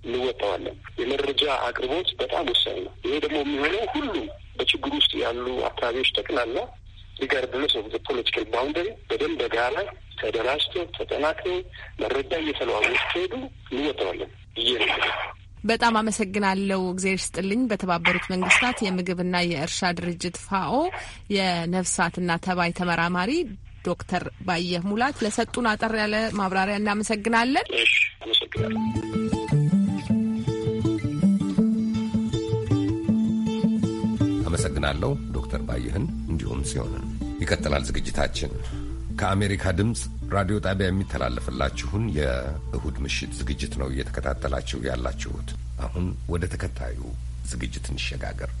እንወጣዋለን። የመረጃ አቅርቦት በጣም ወሳኝ ነው። ይሄ ደግሞ የሚሆነው ሁሉም በችግር ውስጥ ያሉ አካባቢዎች ጠቅላላ ሪጋርድለስ ኦፍ ፖለቲካል ባውንደሪ በደንብ በጋራ ተደራጅቶ ተጠናክሮ መረጃ እየተለዋወጡ ሲሄዱ እንወጠዋለን ብዬ ነው። በጣም አመሰግናለሁ። እግዜር ስጥልኝ። በተባበሩት መንግስታት የምግብና የእርሻ ድርጅት ፋኦ የነፍሳትና ተባይ ተመራማሪ ዶክተር ባየህ ሙላት ለሰጡን አጠር ያለ ማብራሪያ እናመሰግናለን። አመሰግናለሁ ዶክተር ባየህን። ድምፅ ይሆናል። ይቀጥላል ዝግጅታችን ከአሜሪካ ድምፅ ራዲዮ ጣቢያ የሚተላለፍላችሁን የእሁድ ምሽት ዝግጅት ነው እየተከታተላችሁ ያላችሁት። አሁን ወደ ተከታዩ ዝግጅት እንሸጋገር።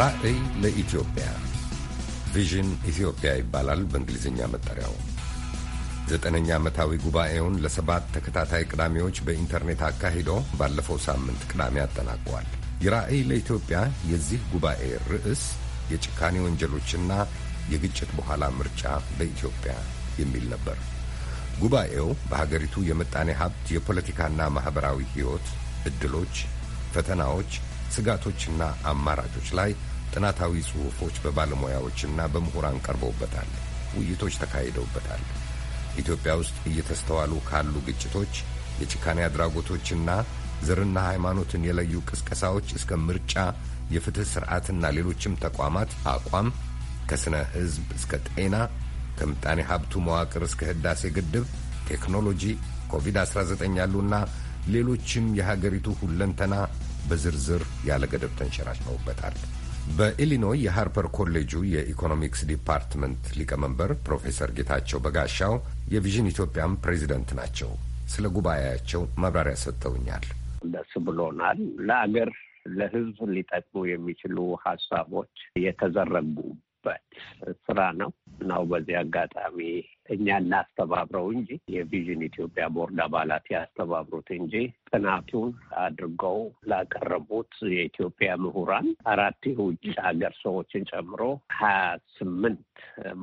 ራዕይ ለኢትዮጵያ ቪዥን ኢትዮጵያ ይባላል በእንግሊዝኛ መጠሪያው። ዘጠነኛ ዓመታዊ ጉባኤውን ለሰባት ተከታታይ ቅዳሜዎች በኢንተርኔት አካሂዶ ባለፈው ሳምንት ቅዳሜ አጠናቋል። የራእይ ለኢትዮጵያ የዚህ ጉባኤ ርዕስ የጭካኔ ወንጀሎችና የግጭት በኋላ ምርጫ በኢትዮጵያ የሚል ነበር። ጉባኤው በሀገሪቱ የምጣኔ ሀብት የፖለቲካና ማኅበራዊ ሕይወት ዕድሎች፣ ፈተናዎች፣ ስጋቶችና አማራጮች ላይ ጥናታዊ ጽሑፎች በባለሙያዎችና በምሁራን ቀርበውበታል። ውይይቶች ተካሂደውበታል። ኢትዮጵያ ውስጥ እየተስተዋሉ ካሉ ግጭቶች፣ የጭካኔ አድራጎቶችና ዘርና ሃይማኖትን የለዩ ቅስቀሳዎች እስከ ምርጫ፣ የፍትሕ ሥርዓትና ሌሎችም ተቋማት አቋም ከሥነ ሕዝብ እስከ ጤና፣ ከምጣኔ ሀብቱ መዋቅር እስከ ሕዳሴ ግድብ፣ ቴክኖሎጂ፣ ኮቪድ-19 ያሉና ሌሎችም የሀገሪቱ ሁለንተና በዝርዝር ያለ ገደብ ተንሸራሽረውበታል። በኢሊኖይ የሃርፐር ኮሌጁ የኢኮኖሚክስ ዲፓርትመንት ሊቀመንበር ፕሮፌሰር ጌታቸው በጋሻው የቪዥን ኢትዮጵያም ፕሬዚደንት ናቸው። ስለ ጉባኤያቸው ማብራሪያ ሰጥተውኛል። ደስ ብሎናል። ለአገር ለህዝብ ሊጠቅሙ የሚችሉ ሀሳቦች የተዘረጉበት ስራ ነው ነው በዚህ አጋጣሚ እኛ እናስተባብረው እንጂ የቪዥን ኢትዮጵያ ቦርድ አባላት ያስተባብሩት እንጂ ጥናቱን አድርገው ላቀረቡት የኢትዮጵያ ምሁራን አራት የውጭ ሀገር ሰዎችን ጨምሮ ሀያ ስምንት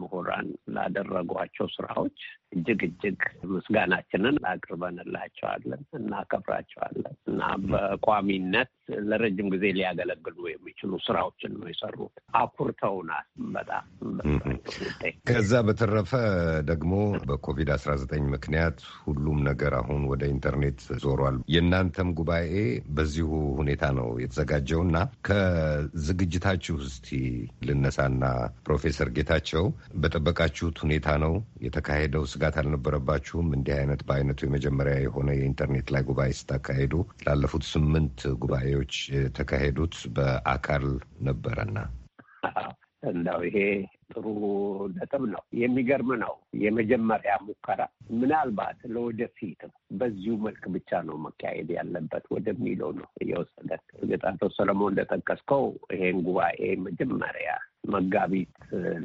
ምሁራን ላደረጓቸው ስራዎች እጅግ እጅግ ምስጋናችንን አቅርበንላቸዋለን፣ እናከብራቸዋለን እና በቋሚነት ለረጅም ጊዜ ሊያገለግሉ የሚችሉ ስራዎችን ነው የሰሩት። አኩርተውናል በጣም ከዛ በተረፈ ደግሞ በኮቪድ-19 ምክንያት ሁሉም ነገር አሁን ወደ ኢንተርኔት ዞሯል። የእናንተም ጉባኤ በዚሁ ሁኔታ ነው እና ከዝግጅታችሁ እስቲ ልነሳና ፕሮፌሰር ጌታቸው በጠበቃችሁት ሁኔታ ነው የተካሄደው? ስጋት አልነበረባችሁም? እንዲህ አይነት በአይነቱ የመጀመሪያ የሆነ የኢንተርኔት ላይ ጉባኤ ስታካሄዱ ላለፉት ስምንት ጉባኤዎች የተካሄዱት በአካል ነበረና እንዳው ይሄ ጥሩ ነጥብ ነው። የሚገርም ነው። የመጀመሪያ ሙከራ ምናልባት ለወደፊት በዚሁ መልክ ብቻ ነው መካሄድ ያለበት ወደሚለው ነው የወሰደን። እርግጥ አቶ ሰለሞን እንደጠቀስከው ይሄን ጉባኤ መጀመሪያ መጋቢት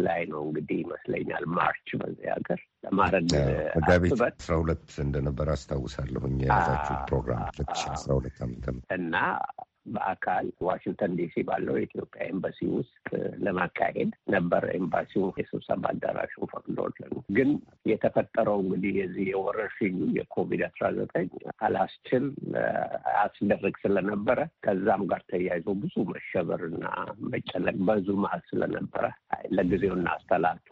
ላይ ነው እንግዲህ ይመስለኛል ማርች በዚህ ሀገር ለማድረግ መጋቢት አስራ ሁለት እንደነበረ አስታውሳለሁኝ የያዛችሁ ፕሮግራም ሁለት ሺህ አስራ ሁለት ዓመተ እና በአካል ዋሽንግተን ዲሲ ባለው የኢትዮጵያ ኤምባሲ ውስጥ ለማካሄድ ነበር። ኤምባሲው የስብሰባ አዳራሹን ፈቅዶልን፣ ግን የተፈጠረው እንግዲህ የዚህ የወረርሽኙ የኮቪድ አስራ ዘጠኝ አላስችል አስደርግ ስለነበረ ከዛም ጋር ተያይዞ ብዙ መሸበርና መጨለቅ በዙ መሀል ስለነበረ ለጊዜው እናስተላልፎ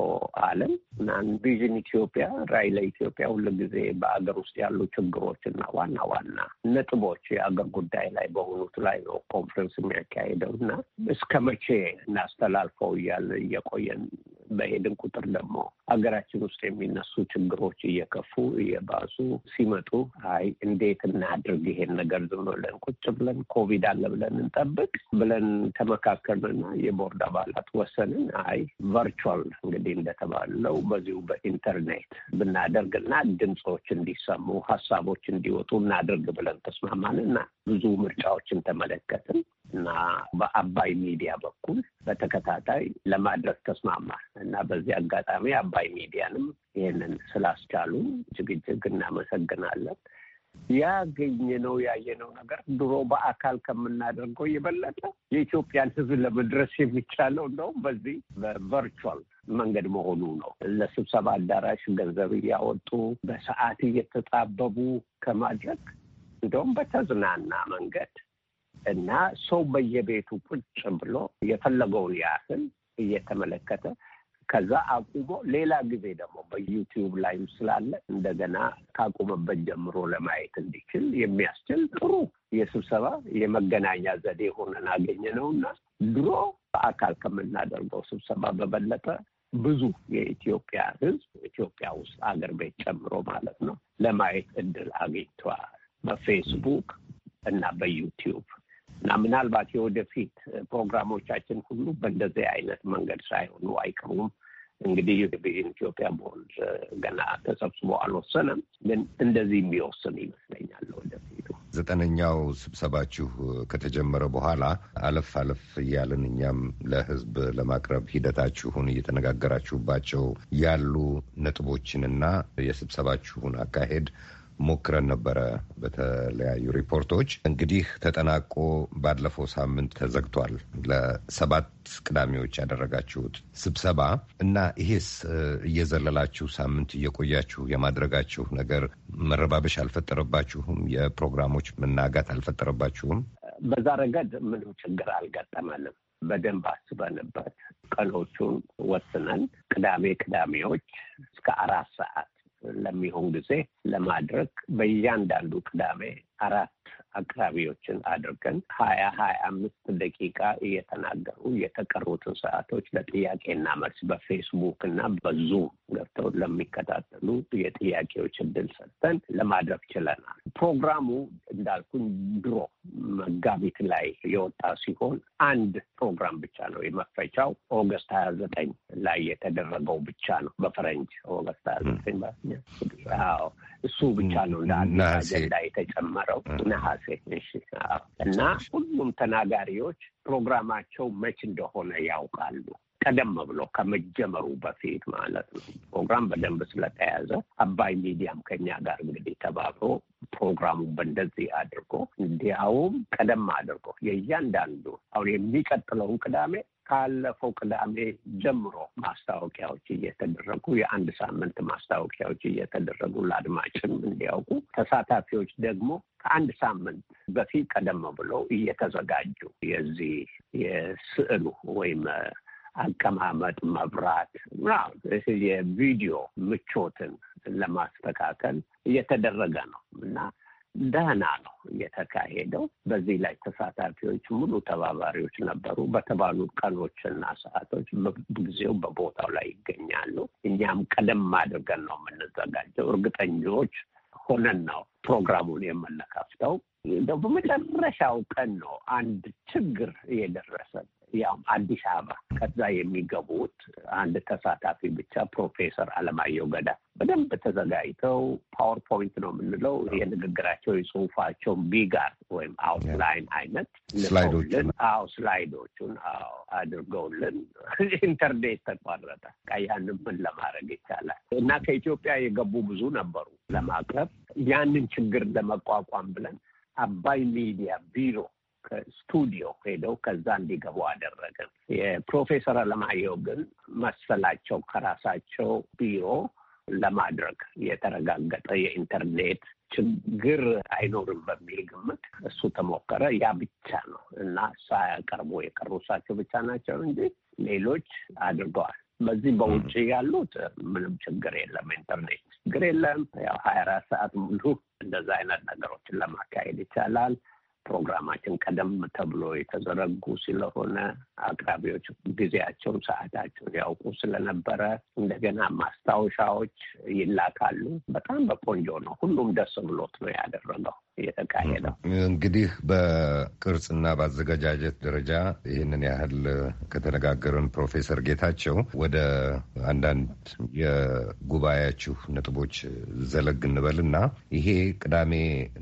አለን እና ቪዥን ኢትዮጵያ ራይ ለኢትዮጵያ ሁልጊዜ በአገር ውስጥ ያሉ ችግሮች እና ዋና ዋና ነጥቦች የአገር ጉዳይ ላይ በሆኑት ላይ ነው ኮንፈረንስ የሚያካሄደው እና እስከ መቼ እናስተላልፈው እያለ እየቆየን በሄድን ቁጥር ደግሞ ሀገራችን ውስጥ የሚነሱ ችግሮች እየከፉ እየባሱ ሲመጡ አይ እንዴት እናድርግ ይሄን ነገር ዝም ብለን ቁጭ ብለን ኮቪድ አለ ብለን እንጠብቅ ብለን ተመካከርንና የቦርድ አባላት ወሰንን። አይ ቨርቹዋል እንግዲህ እንደተባለው በዚሁ በኢንተርኔት ብናደርግና ድምፆች እንዲሰሙ ሀሳቦች እንዲወጡ እናድርግ ብለን ተስማማንና ብዙ ምርጫዎችን ተመለከትን። እና በአባይ ሚዲያ በኩል በተከታታይ ለማድረግ ተስማማ እና በዚህ አጋጣሚ አባይ ሚዲያንም ይህንን ስላስቻሉ እጅግ እናመሰግናለን። ያገኘነው ያየነው ነገር ድሮ በአካል ከምናደርገው የበለጠ የኢትዮጵያን ሕዝብ ለመድረስ የሚቻለው እንደውም በዚህ በቨርቹዋል መንገድ መሆኑ ነው። ለስብሰባ አዳራሽ ገንዘብ እያወጡ በሰዓት እየተጣበቡ ከማድረግ እንደውም በተዝናና መንገድ እና ሰው በየቤቱ ቁጭ ብሎ የፈለገውን ያህል እየተመለከተ ከዛ አቁሞ ሌላ ጊዜ ደግሞ በዩቲዩብ ላይም ስላለ እንደገና ካቁመበት ጀምሮ ለማየት እንዲችል የሚያስችል ጥሩ የስብሰባ የመገናኛ ዘዴ ሆነን አገኘ እና ድሮ በአካል ከምናደርገው ስብሰባ በበለጠ ብዙ የኢትዮጵያ ሕዝብ ኢትዮጵያ ውስጥ አገር ቤት ጨምሮ ማለት ነው ለማየት እድል አግኝተዋል በፌስቡክ እና በዩቲዩብ እና ምናልባት የወደፊት ፕሮግራሞቻችን ሁሉ በእንደዚህ አይነት መንገድ ሳይሆኑ አይቀሩም። እንግዲህ ኢትዮጵያ ቦርድ ገና ተሰብስቦ አልወሰነም፣ ግን እንደዚህ የሚወስን ይመስለኛል ወደፊቱ። ዘጠነኛው ስብሰባችሁ ከተጀመረ በኋላ አለፍ አለፍ እያልን እኛም ለሕዝብ ለማቅረብ ሂደታችሁን እየተነጋገራችሁባቸው ያሉ ነጥቦችንና የስብሰባችሁን አካሄድ ሞክረን ነበረ በተለያዩ ሪፖርቶች። እንግዲህ ተጠናቆ ባለፈው ሳምንት ተዘግቷል። ለሰባት ቅዳሜዎች ያደረጋችሁት ስብሰባ እና ይሄስ እየዘለላችሁ ሳምንት እየቆያችሁ የማድረጋችሁ ነገር መረባበሽ አልፈጠረባችሁም? የፕሮግራሞች መናጋት አልፈጠረባችሁም? በዛ ረገድ ምንም ችግር አልገጠመንም። በደንብ አስበንበት ቀኖቹን ወስነን ቅዳሜ ቅዳሜዎች እስከ አራት ሰዓት ለሚሆን ጊዜ ለማድረግ በእያንዳንዱ ቅዳሜ አራት አቅራቢዎችን አድርገን ሀያ ሀያ አምስት ደቂቃ እየተናገሩ የተቀሩትን ሰዓቶች ለጥያቄና መልስ በፌስቡክ እና በዙም ገብተው ለሚከታተሉ የጥያቄዎች እድል ሰጥተን ለማድረግ ችለናል። ፕሮግራሙ እንዳልኩኝ ድሮ መጋቢት ላይ የወጣ ሲሆን አንድ ፕሮግራም ብቻ ነው የመፈቻው። ኦገስት ሀያ ዘጠኝ ላይ የተደረገው ብቻ ነው በፈረንጅ ኦገስት ሀያ ዘጠኝ እሱ ብቻ ነው ለአንድ የተጨመረው ነሐሴ። እና ሁሉም ተናጋሪዎች ፕሮግራማቸው መች እንደሆነ ያውቃሉ። ቀደም ብሎ ከመጀመሩ በፊት ማለት ነው። ፕሮግራም በደንብ ስለተያዘ አባይ ሚዲያም ከኛ ጋር እንግዲህ ተባብሮ ፕሮግራሙን በእንደዚህ አድርጎ እንዲያውም ቀደም አድርጎ የእያንዳንዱ አሁን የሚቀጥለውን ቅዳሜ ካለፈው ቅዳሜ ጀምሮ ማስታወቂያዎች እየተደረጉ የአንድ ሳምንት ማስታወቂያዎች እየተደረጉ ለአድማጭም እንዲያውቁ ተሳታፊዎች ደግሞ ከአንድ ሳምንት በፊት ቀደም ብሎ እየተዘጋጁ የዚህ የስዕሉ ወይም አቀማመጥ፣ መብራት፣ የቪዲዮ ምቾትን ለማስተካከል እየተደረገ ነው እና ደህና ነው የተካሄደው። በዚህ ላይ ተሳታፊዎች ሙሉ ተባባሪዎች ነበሩ። በተባሉ ቀኖችና ሰዓቶች ጊዜው በቦታው ላይ ይገኛሉ። እኛም ቀደም አድርገን ነው የምንዘጋጀው። እርግጠኞች ሆነን ነው ፕሮግራሙን የምንከፍተው። እንደው በመጨረሻው ቀን ነው አንድ ችግር የደረሰን ያው አዲስ አበባ ከዛ የሚገቡት አንድ ተሳታፊ ብቻ ፕሮፌሰር አለማየሁ ገዳ በደንብ ተዘጋጅተው ፓወርፖይንት ነው የምንለው የንግግራቸው የጽሁፋቸውን ቢጋር ወይም አውትላይን አይነት ስላይዶችን አዎ ስላይዶቹን አዎ አድርገውልን ኢንተርኔት ተቋረጠ። ያንን ምን ለማድረግ ይቻላል እና ከኢትዮጵያ የገቡ ብዙ ነበሩ ለማቅረብ ያንን ችግር ለመቋቋም ብለን አባይ ሚዲያ ቢሮ ስቱዲዮ ሄደው ከዛ እንዲገቡ አደረገ። የፕሮፌሰር አለማየሁ ግን መሰላቸው ከራሳቸው ቢሮ ለማድረግ የተረጋገጠ የኢንተርኔት ችግር አይኖርም በሚል ግምት እሱ ተሞከረ። ያ ብቻ ነው እና ሳያቀርቡ የቀሩ እሳቸው ብቻ ናቸው እንጂ ሌሎች አድርገዋል። በዚህ በውጭ ያሉት ምንም ችግር የለም፣ ኢንተርኔት ችግር የለም። ያው ሀያ አራት ሰዓት ሙሉ እንደዛ አይነት ነገሮችን ለማካሄድ ይቻላል። ፕሮግራማችን ቀደም ተብሎ የተዘረጉ ስለሆነ አቅራቢዎች ጊዜያቸውን፣ ሰዓታቸውን ያውቁ ስለነበረ እንደገና ማስታወሻዎች ይላካሉ። በጣም በቆንጆ ነው። ሁሉም ደስ ብሎት ነው ያደረገው። ነው። እንግዲህ በቅርጽና በአዘገጃጀት ደረጃ ይህንን ያህል ከተነጋገርን፣ ፕሮፌሰር ጌታቸው ወደ አንዳንድ የጉባኤያችሁ ነጥቦች ዘለግ እንበልና ይሄ ቅዳሜ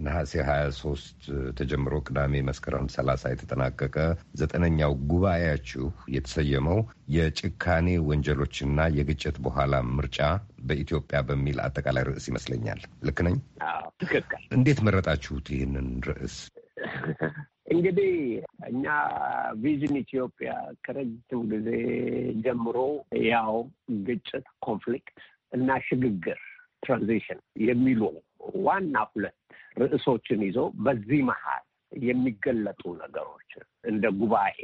ነሐሴ ሀያ ሶስት ተጀምሮ ቅዳሜ መስከረም ሰላሳ የተጠናቀቀ ዘጠነኛው ጉባኤያችሁ የተሰየመው የጭካኔ ወንጀሎችና የግጭት በኋላ ምርጫ በኢትዮጵያ በሚል አጠቃላይ ርዕስ ይመስለኛል። ልክ ነኝ? ትክክል። እንዴት መረጣችሁት ይህንን ርዕስ? እንግዲህ እኛ ቪዥን ኢትዮጵያ ከረጅም ጊዜ ጀምሮ ያው ግጭት፣ ኮንፍሊክት እና ሽግግር ትራንዚሽን የሚሉ ዋና ሁለት ርዕሶችን ይዞ በዚህ መሀል የሚገለጡ ነገሮች እንደ ጉባኤ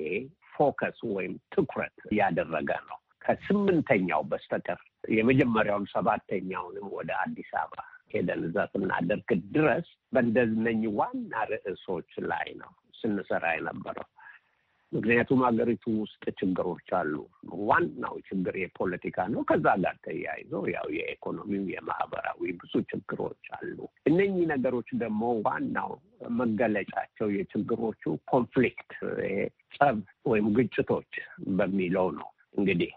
ፎከስ ወይም ትኩረት እያደረገ ነው። ከስምንተኛው በስተቀር የመጀመሪያውን ሰባተኛውንም ወደ አዲስ አበባ ሄደን እዛ ስናደርግ ድረስ በእንደነኝ ዋና ርዕሶች ላይ ነው ስንሰራ የነበረው። ምክንያቱም ሀገሪቱ ውስጥ ችግሮች አሉ። ዋናው ችግር የፖለቲካ ነው። ከዛ ጋር ተያይዞ ያው የኢኮኖሚው፣ የማህበራዊ ብዙ ችግሮች አሉ። እነኚህ ነገሮች ደግሞ ዋናው መገለጫቸው የችግሮቹ ኮንፍሊክት፣ ጸብ ወይም ግጭቶች በሚለው ነው እንግዲህ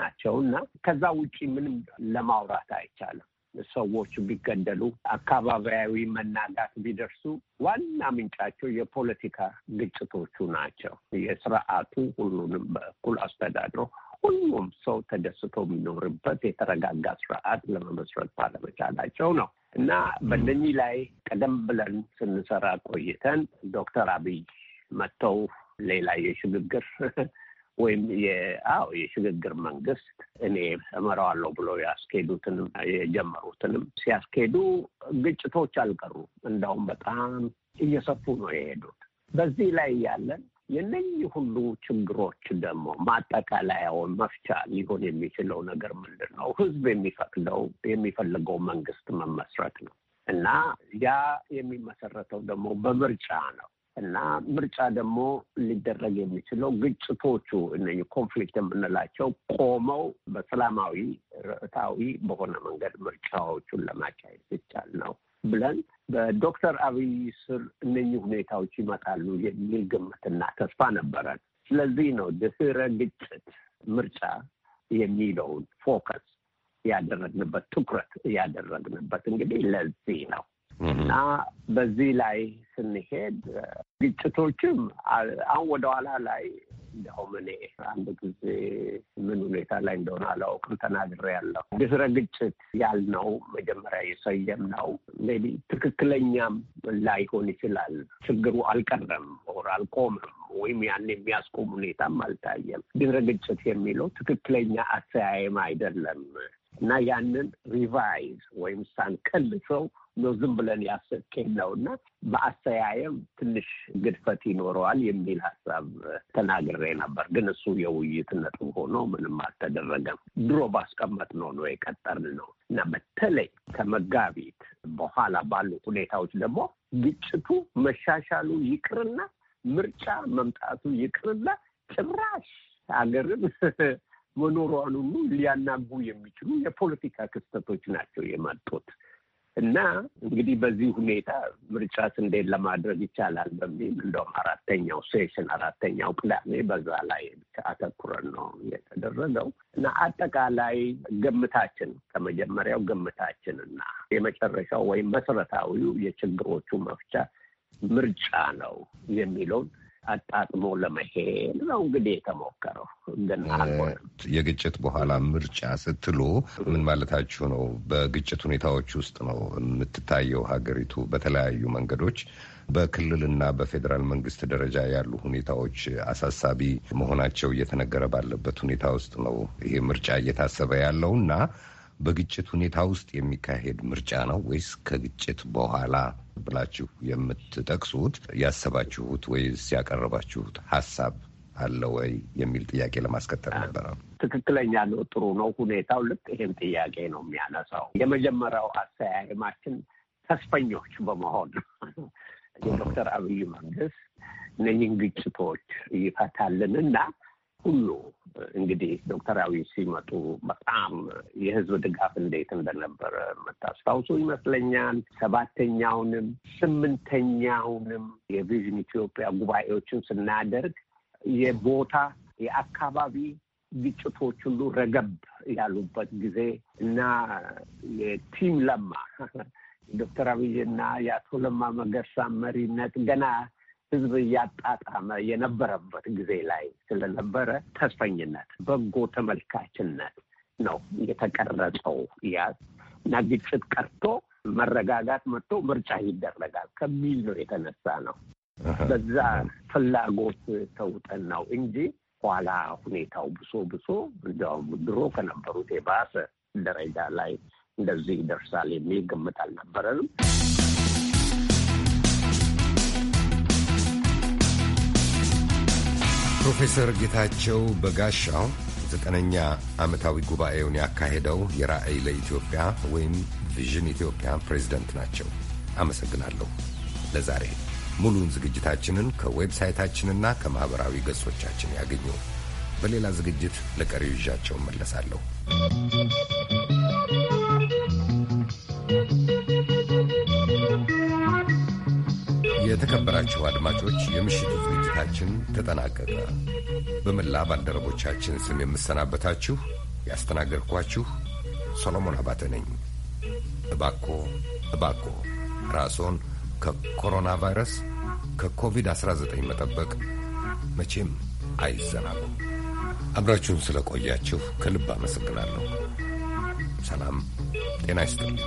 ናቸው እና ከዛ ውጪ ምንም ለማውራት አይቻልም። ሰዎቹ ቢገደሉ አካባቢያዊ መናጋት ቢደርሱ ዋና ምንጫቸው የፖለቲካ ግጭቶቹ ናቸው። የስርዓቱ ሁሉንም በኩል አስተዳድሮ ሁሉም ሰው ተደስቶ የሚኖርበት የተረጋጋ ስርዓት ለመመስረት ባለመቻላቸው ነው እና በነኚህ ላይ ቀደም ብለን ስንሰራ ቆይተን ዶክተር አብይ መጥተው ሌላ የሽግግር ወይም አዎ የሽግግር መንግስት እኔ እመራዋለሁ ብሎ ያስኬዱትንም የጀመሩትንም ሲያስኬዱ ግጭቶች አልቀሩ። እንደውም በጣም እየሰፉ ነው የሄዱት። በዚህ ላይ ያለን የነኚህ ሁሉ ችግሮች ደግሞ ማጠቃለያውን መፍቻ ሊሆን የሚችለው ነገር ምንድን ነው? ህዝብ የሚፈቅደው የሚፈልገው መንግስት መመስረት ነው እና ያ የሚመሰረተው ደግሞ በምርጫ ነው። እና ምርጫ ደግሞ ሊደረግ የሚችለው ግጭቶቹ እነ ኮንፍሊክት የምንላቸው ቆመው በሰላማዊ ርዕታዊ በሆነ መንገድ ምርጫዎቹን ለማካሄድ ይቻል ነው ብለን በዶክተር አብይ ስር እነኚህ ሁኔታዎች ይመጣሉ የሚል ግምትና ተስፋ ነበረን። ስለዚህ ነው ድህረ ግጭት ምርጫ የሚለውን ፎከስ ያደረግንበት ትኩረት ያደረግንበት እንግዲህ ለዚህ ነው እና በዚህ ላይ ስንሄድ ግጭቶችም አሁን ወደኋላ ላይ እንዲያውም እኔ አንድ ጊዜ ምን ሁኔታ ላይ እንደሆነ አላውቅም ተናግሬ ያለው ድህረ ግጭት ያልነው መጀመሪያ የሰየምነው ሜይ ቢ ትክክለኛም ላይሆን ይችላል። ችግሩ አልቀረም ወር አልቆምም ወይም ያን የሚያስቆም ሁኔታም አልታየም። ድህረ ግጭት የሚለው ትክክለኛ አሰያየም አይደለም እና ያንን ሪቫይዝ ወይም ሳንቀልሰው ነው ዝም ብለን ያሰብኬም ነው እና በአስተያየም ትንሽ ግድፈት ይኖረዋል የሚል ሀሳብ ተናግሬ ነበር። ግን እሱ የውይይት ነጥብ ሆኖ ምንም አልተደረገም። ድሮ ባስቀመጥ ነው ነው የቀጠርን ነው እና በተለይ ከመጋቢት በኋላ ባሉ ሁኔታዎች ደግሞ ግጭቱ መሻሻሉ ይቅርና ምርጫ መምጣቱ ይቅርና ጭራሽ ሀገርን መኖሯን ሁሉ ሊያናጉ የሚችሉ የፖለቲካ ክስተቶች ናቸው የመጡት። እና እንግዲህ በዚህ ሁኔታ ምርጫ እንዴት ለማድረግ ይቻላል በሚል እንደውም አራተኛው ሴሽን አራተኛው ቅዳሜ በዛ ላይ አተኩረን ነው የተደረገው እና አጠቃላይ ግምታችን ከመጀመሪያው ግምታችን እና የመጨረሻው ወይም መሰረታዊው የችግሮቹ መፍቻ ምርጫ ነው የሚለውን አጣጥሞ ለመሄድ ነው እንግዲህ የተሞከረው። ግን የግጭት በኋላ ምርጫ ስትሉ ምን ማለታችሁ ነው? በግጭት ሁኔታዎች ውስጥ ነው የምትታየው ሀገሪቱ በተለያዩ መንገዶች በክልልና በፌዴራል መንግስት ደረጃ ያሉ ሁኔታዎች አሳሳቢ መሆናቸው እየተነገረ ባለበት ሁኔታ ውስጥ ነው ይሄ ምርጫ እየታሰበ ያለው እና በግጭት ሁኔታ ውስጥ የሚካሄድ ምርጫ ነው ወይስ ከግጭት በኋላ ብላችሁ የምትጠቅሱት ያሰባችሁት ወይስ ያቀረባችሁት ሀሳብ አለ ወይ የሚል ጥያቄ ለማስከተል ነበረ። ትክክለኛ ነው። ጥሩ ነው። ሁኔታው ልክ ይህም ጥያቄ ነው የሚያነሳው። የመጀመሪያው አስተያየማችን ተስፈኞች በመሆን የዶክተር አብይ መንግስት እነኝህን ግጭቶች እና ሁሉ እንግዲህ ዶክተር አብይ ሲመጡ በጣም የህዝብ ድጋፍ እንዴት እንደነበረ የምታስታውሱ ይመስለኛል። ሰባተኛውንም ስምንተኛውንም የቪዥን ኢትዮጵያ ጉባኤዎችን ስናደርግ የቦታ የአካባቢ ግጭቶች ሁሉ ረገብ ያሉበት ጊዜ እና የቲም ለማ ዶክተር አብይና የአቶ ለማ መገርሳ መሪነት ገና ህዝብ እያጣጣመ የነበረበት ጊዜ ላይ ስለነበረ ተስፈኝነት፣ በጎ ተመልካችነት ነው የተቀረጸው። ያ እና ግጭት ቀርቶ መረጋጋት መጥቶ ምርጫ ይደረጋል ከሚል ነው የተነሳ ነው። በዛ ፍላጎት ተውጠን ነው እንጂ ኋላ ሁኔታው ብሶ ብሶ እንዲያውም ድሮ ከነበሩት የባሰ ደረጃ ላይ እንደዚህ ይደርሳል የሚል ግምት አልነበረንም። ፕሮፌሰር ጌታቸው በጋሻው ዘጠነኛ ዓመታዊ ጉባኤውን ያካሄደው የራዕይ ለኢትዮጵያ ወይም ቪዥን ኢትዮጵያ ፕሬዝደንት ናቸው። አመሰግናለሁ። ለዛሬ ሙሉውን ዝግጅታችንን ከዌብሳይታችንና ከማኅበራዊ ገጾቻችን ያገኙ። በሌላ ዝግጅት ለቀሪው ይዣቸው መለሳለሁ። የተከበራችሁ አድማጮች የምሽቱ ዝግጅታችን ተጠናቀቀ። በመላ ባልደረቦቻችን ስም የምሰናበታችሁ ያስተናገድኳችሁ ሰሎሞን አባተ ነኝ። እባኮ እባኮ ራስዎን ከኮሮና ቫይረስ ከኮቪድ-19 መጠበቅ መቼም አይዘናሉ። አብራችሁን ስለ ቆያችሁ ከልብ አመሰግናለሁ። ሰላም ጤና ይስጥልኝ።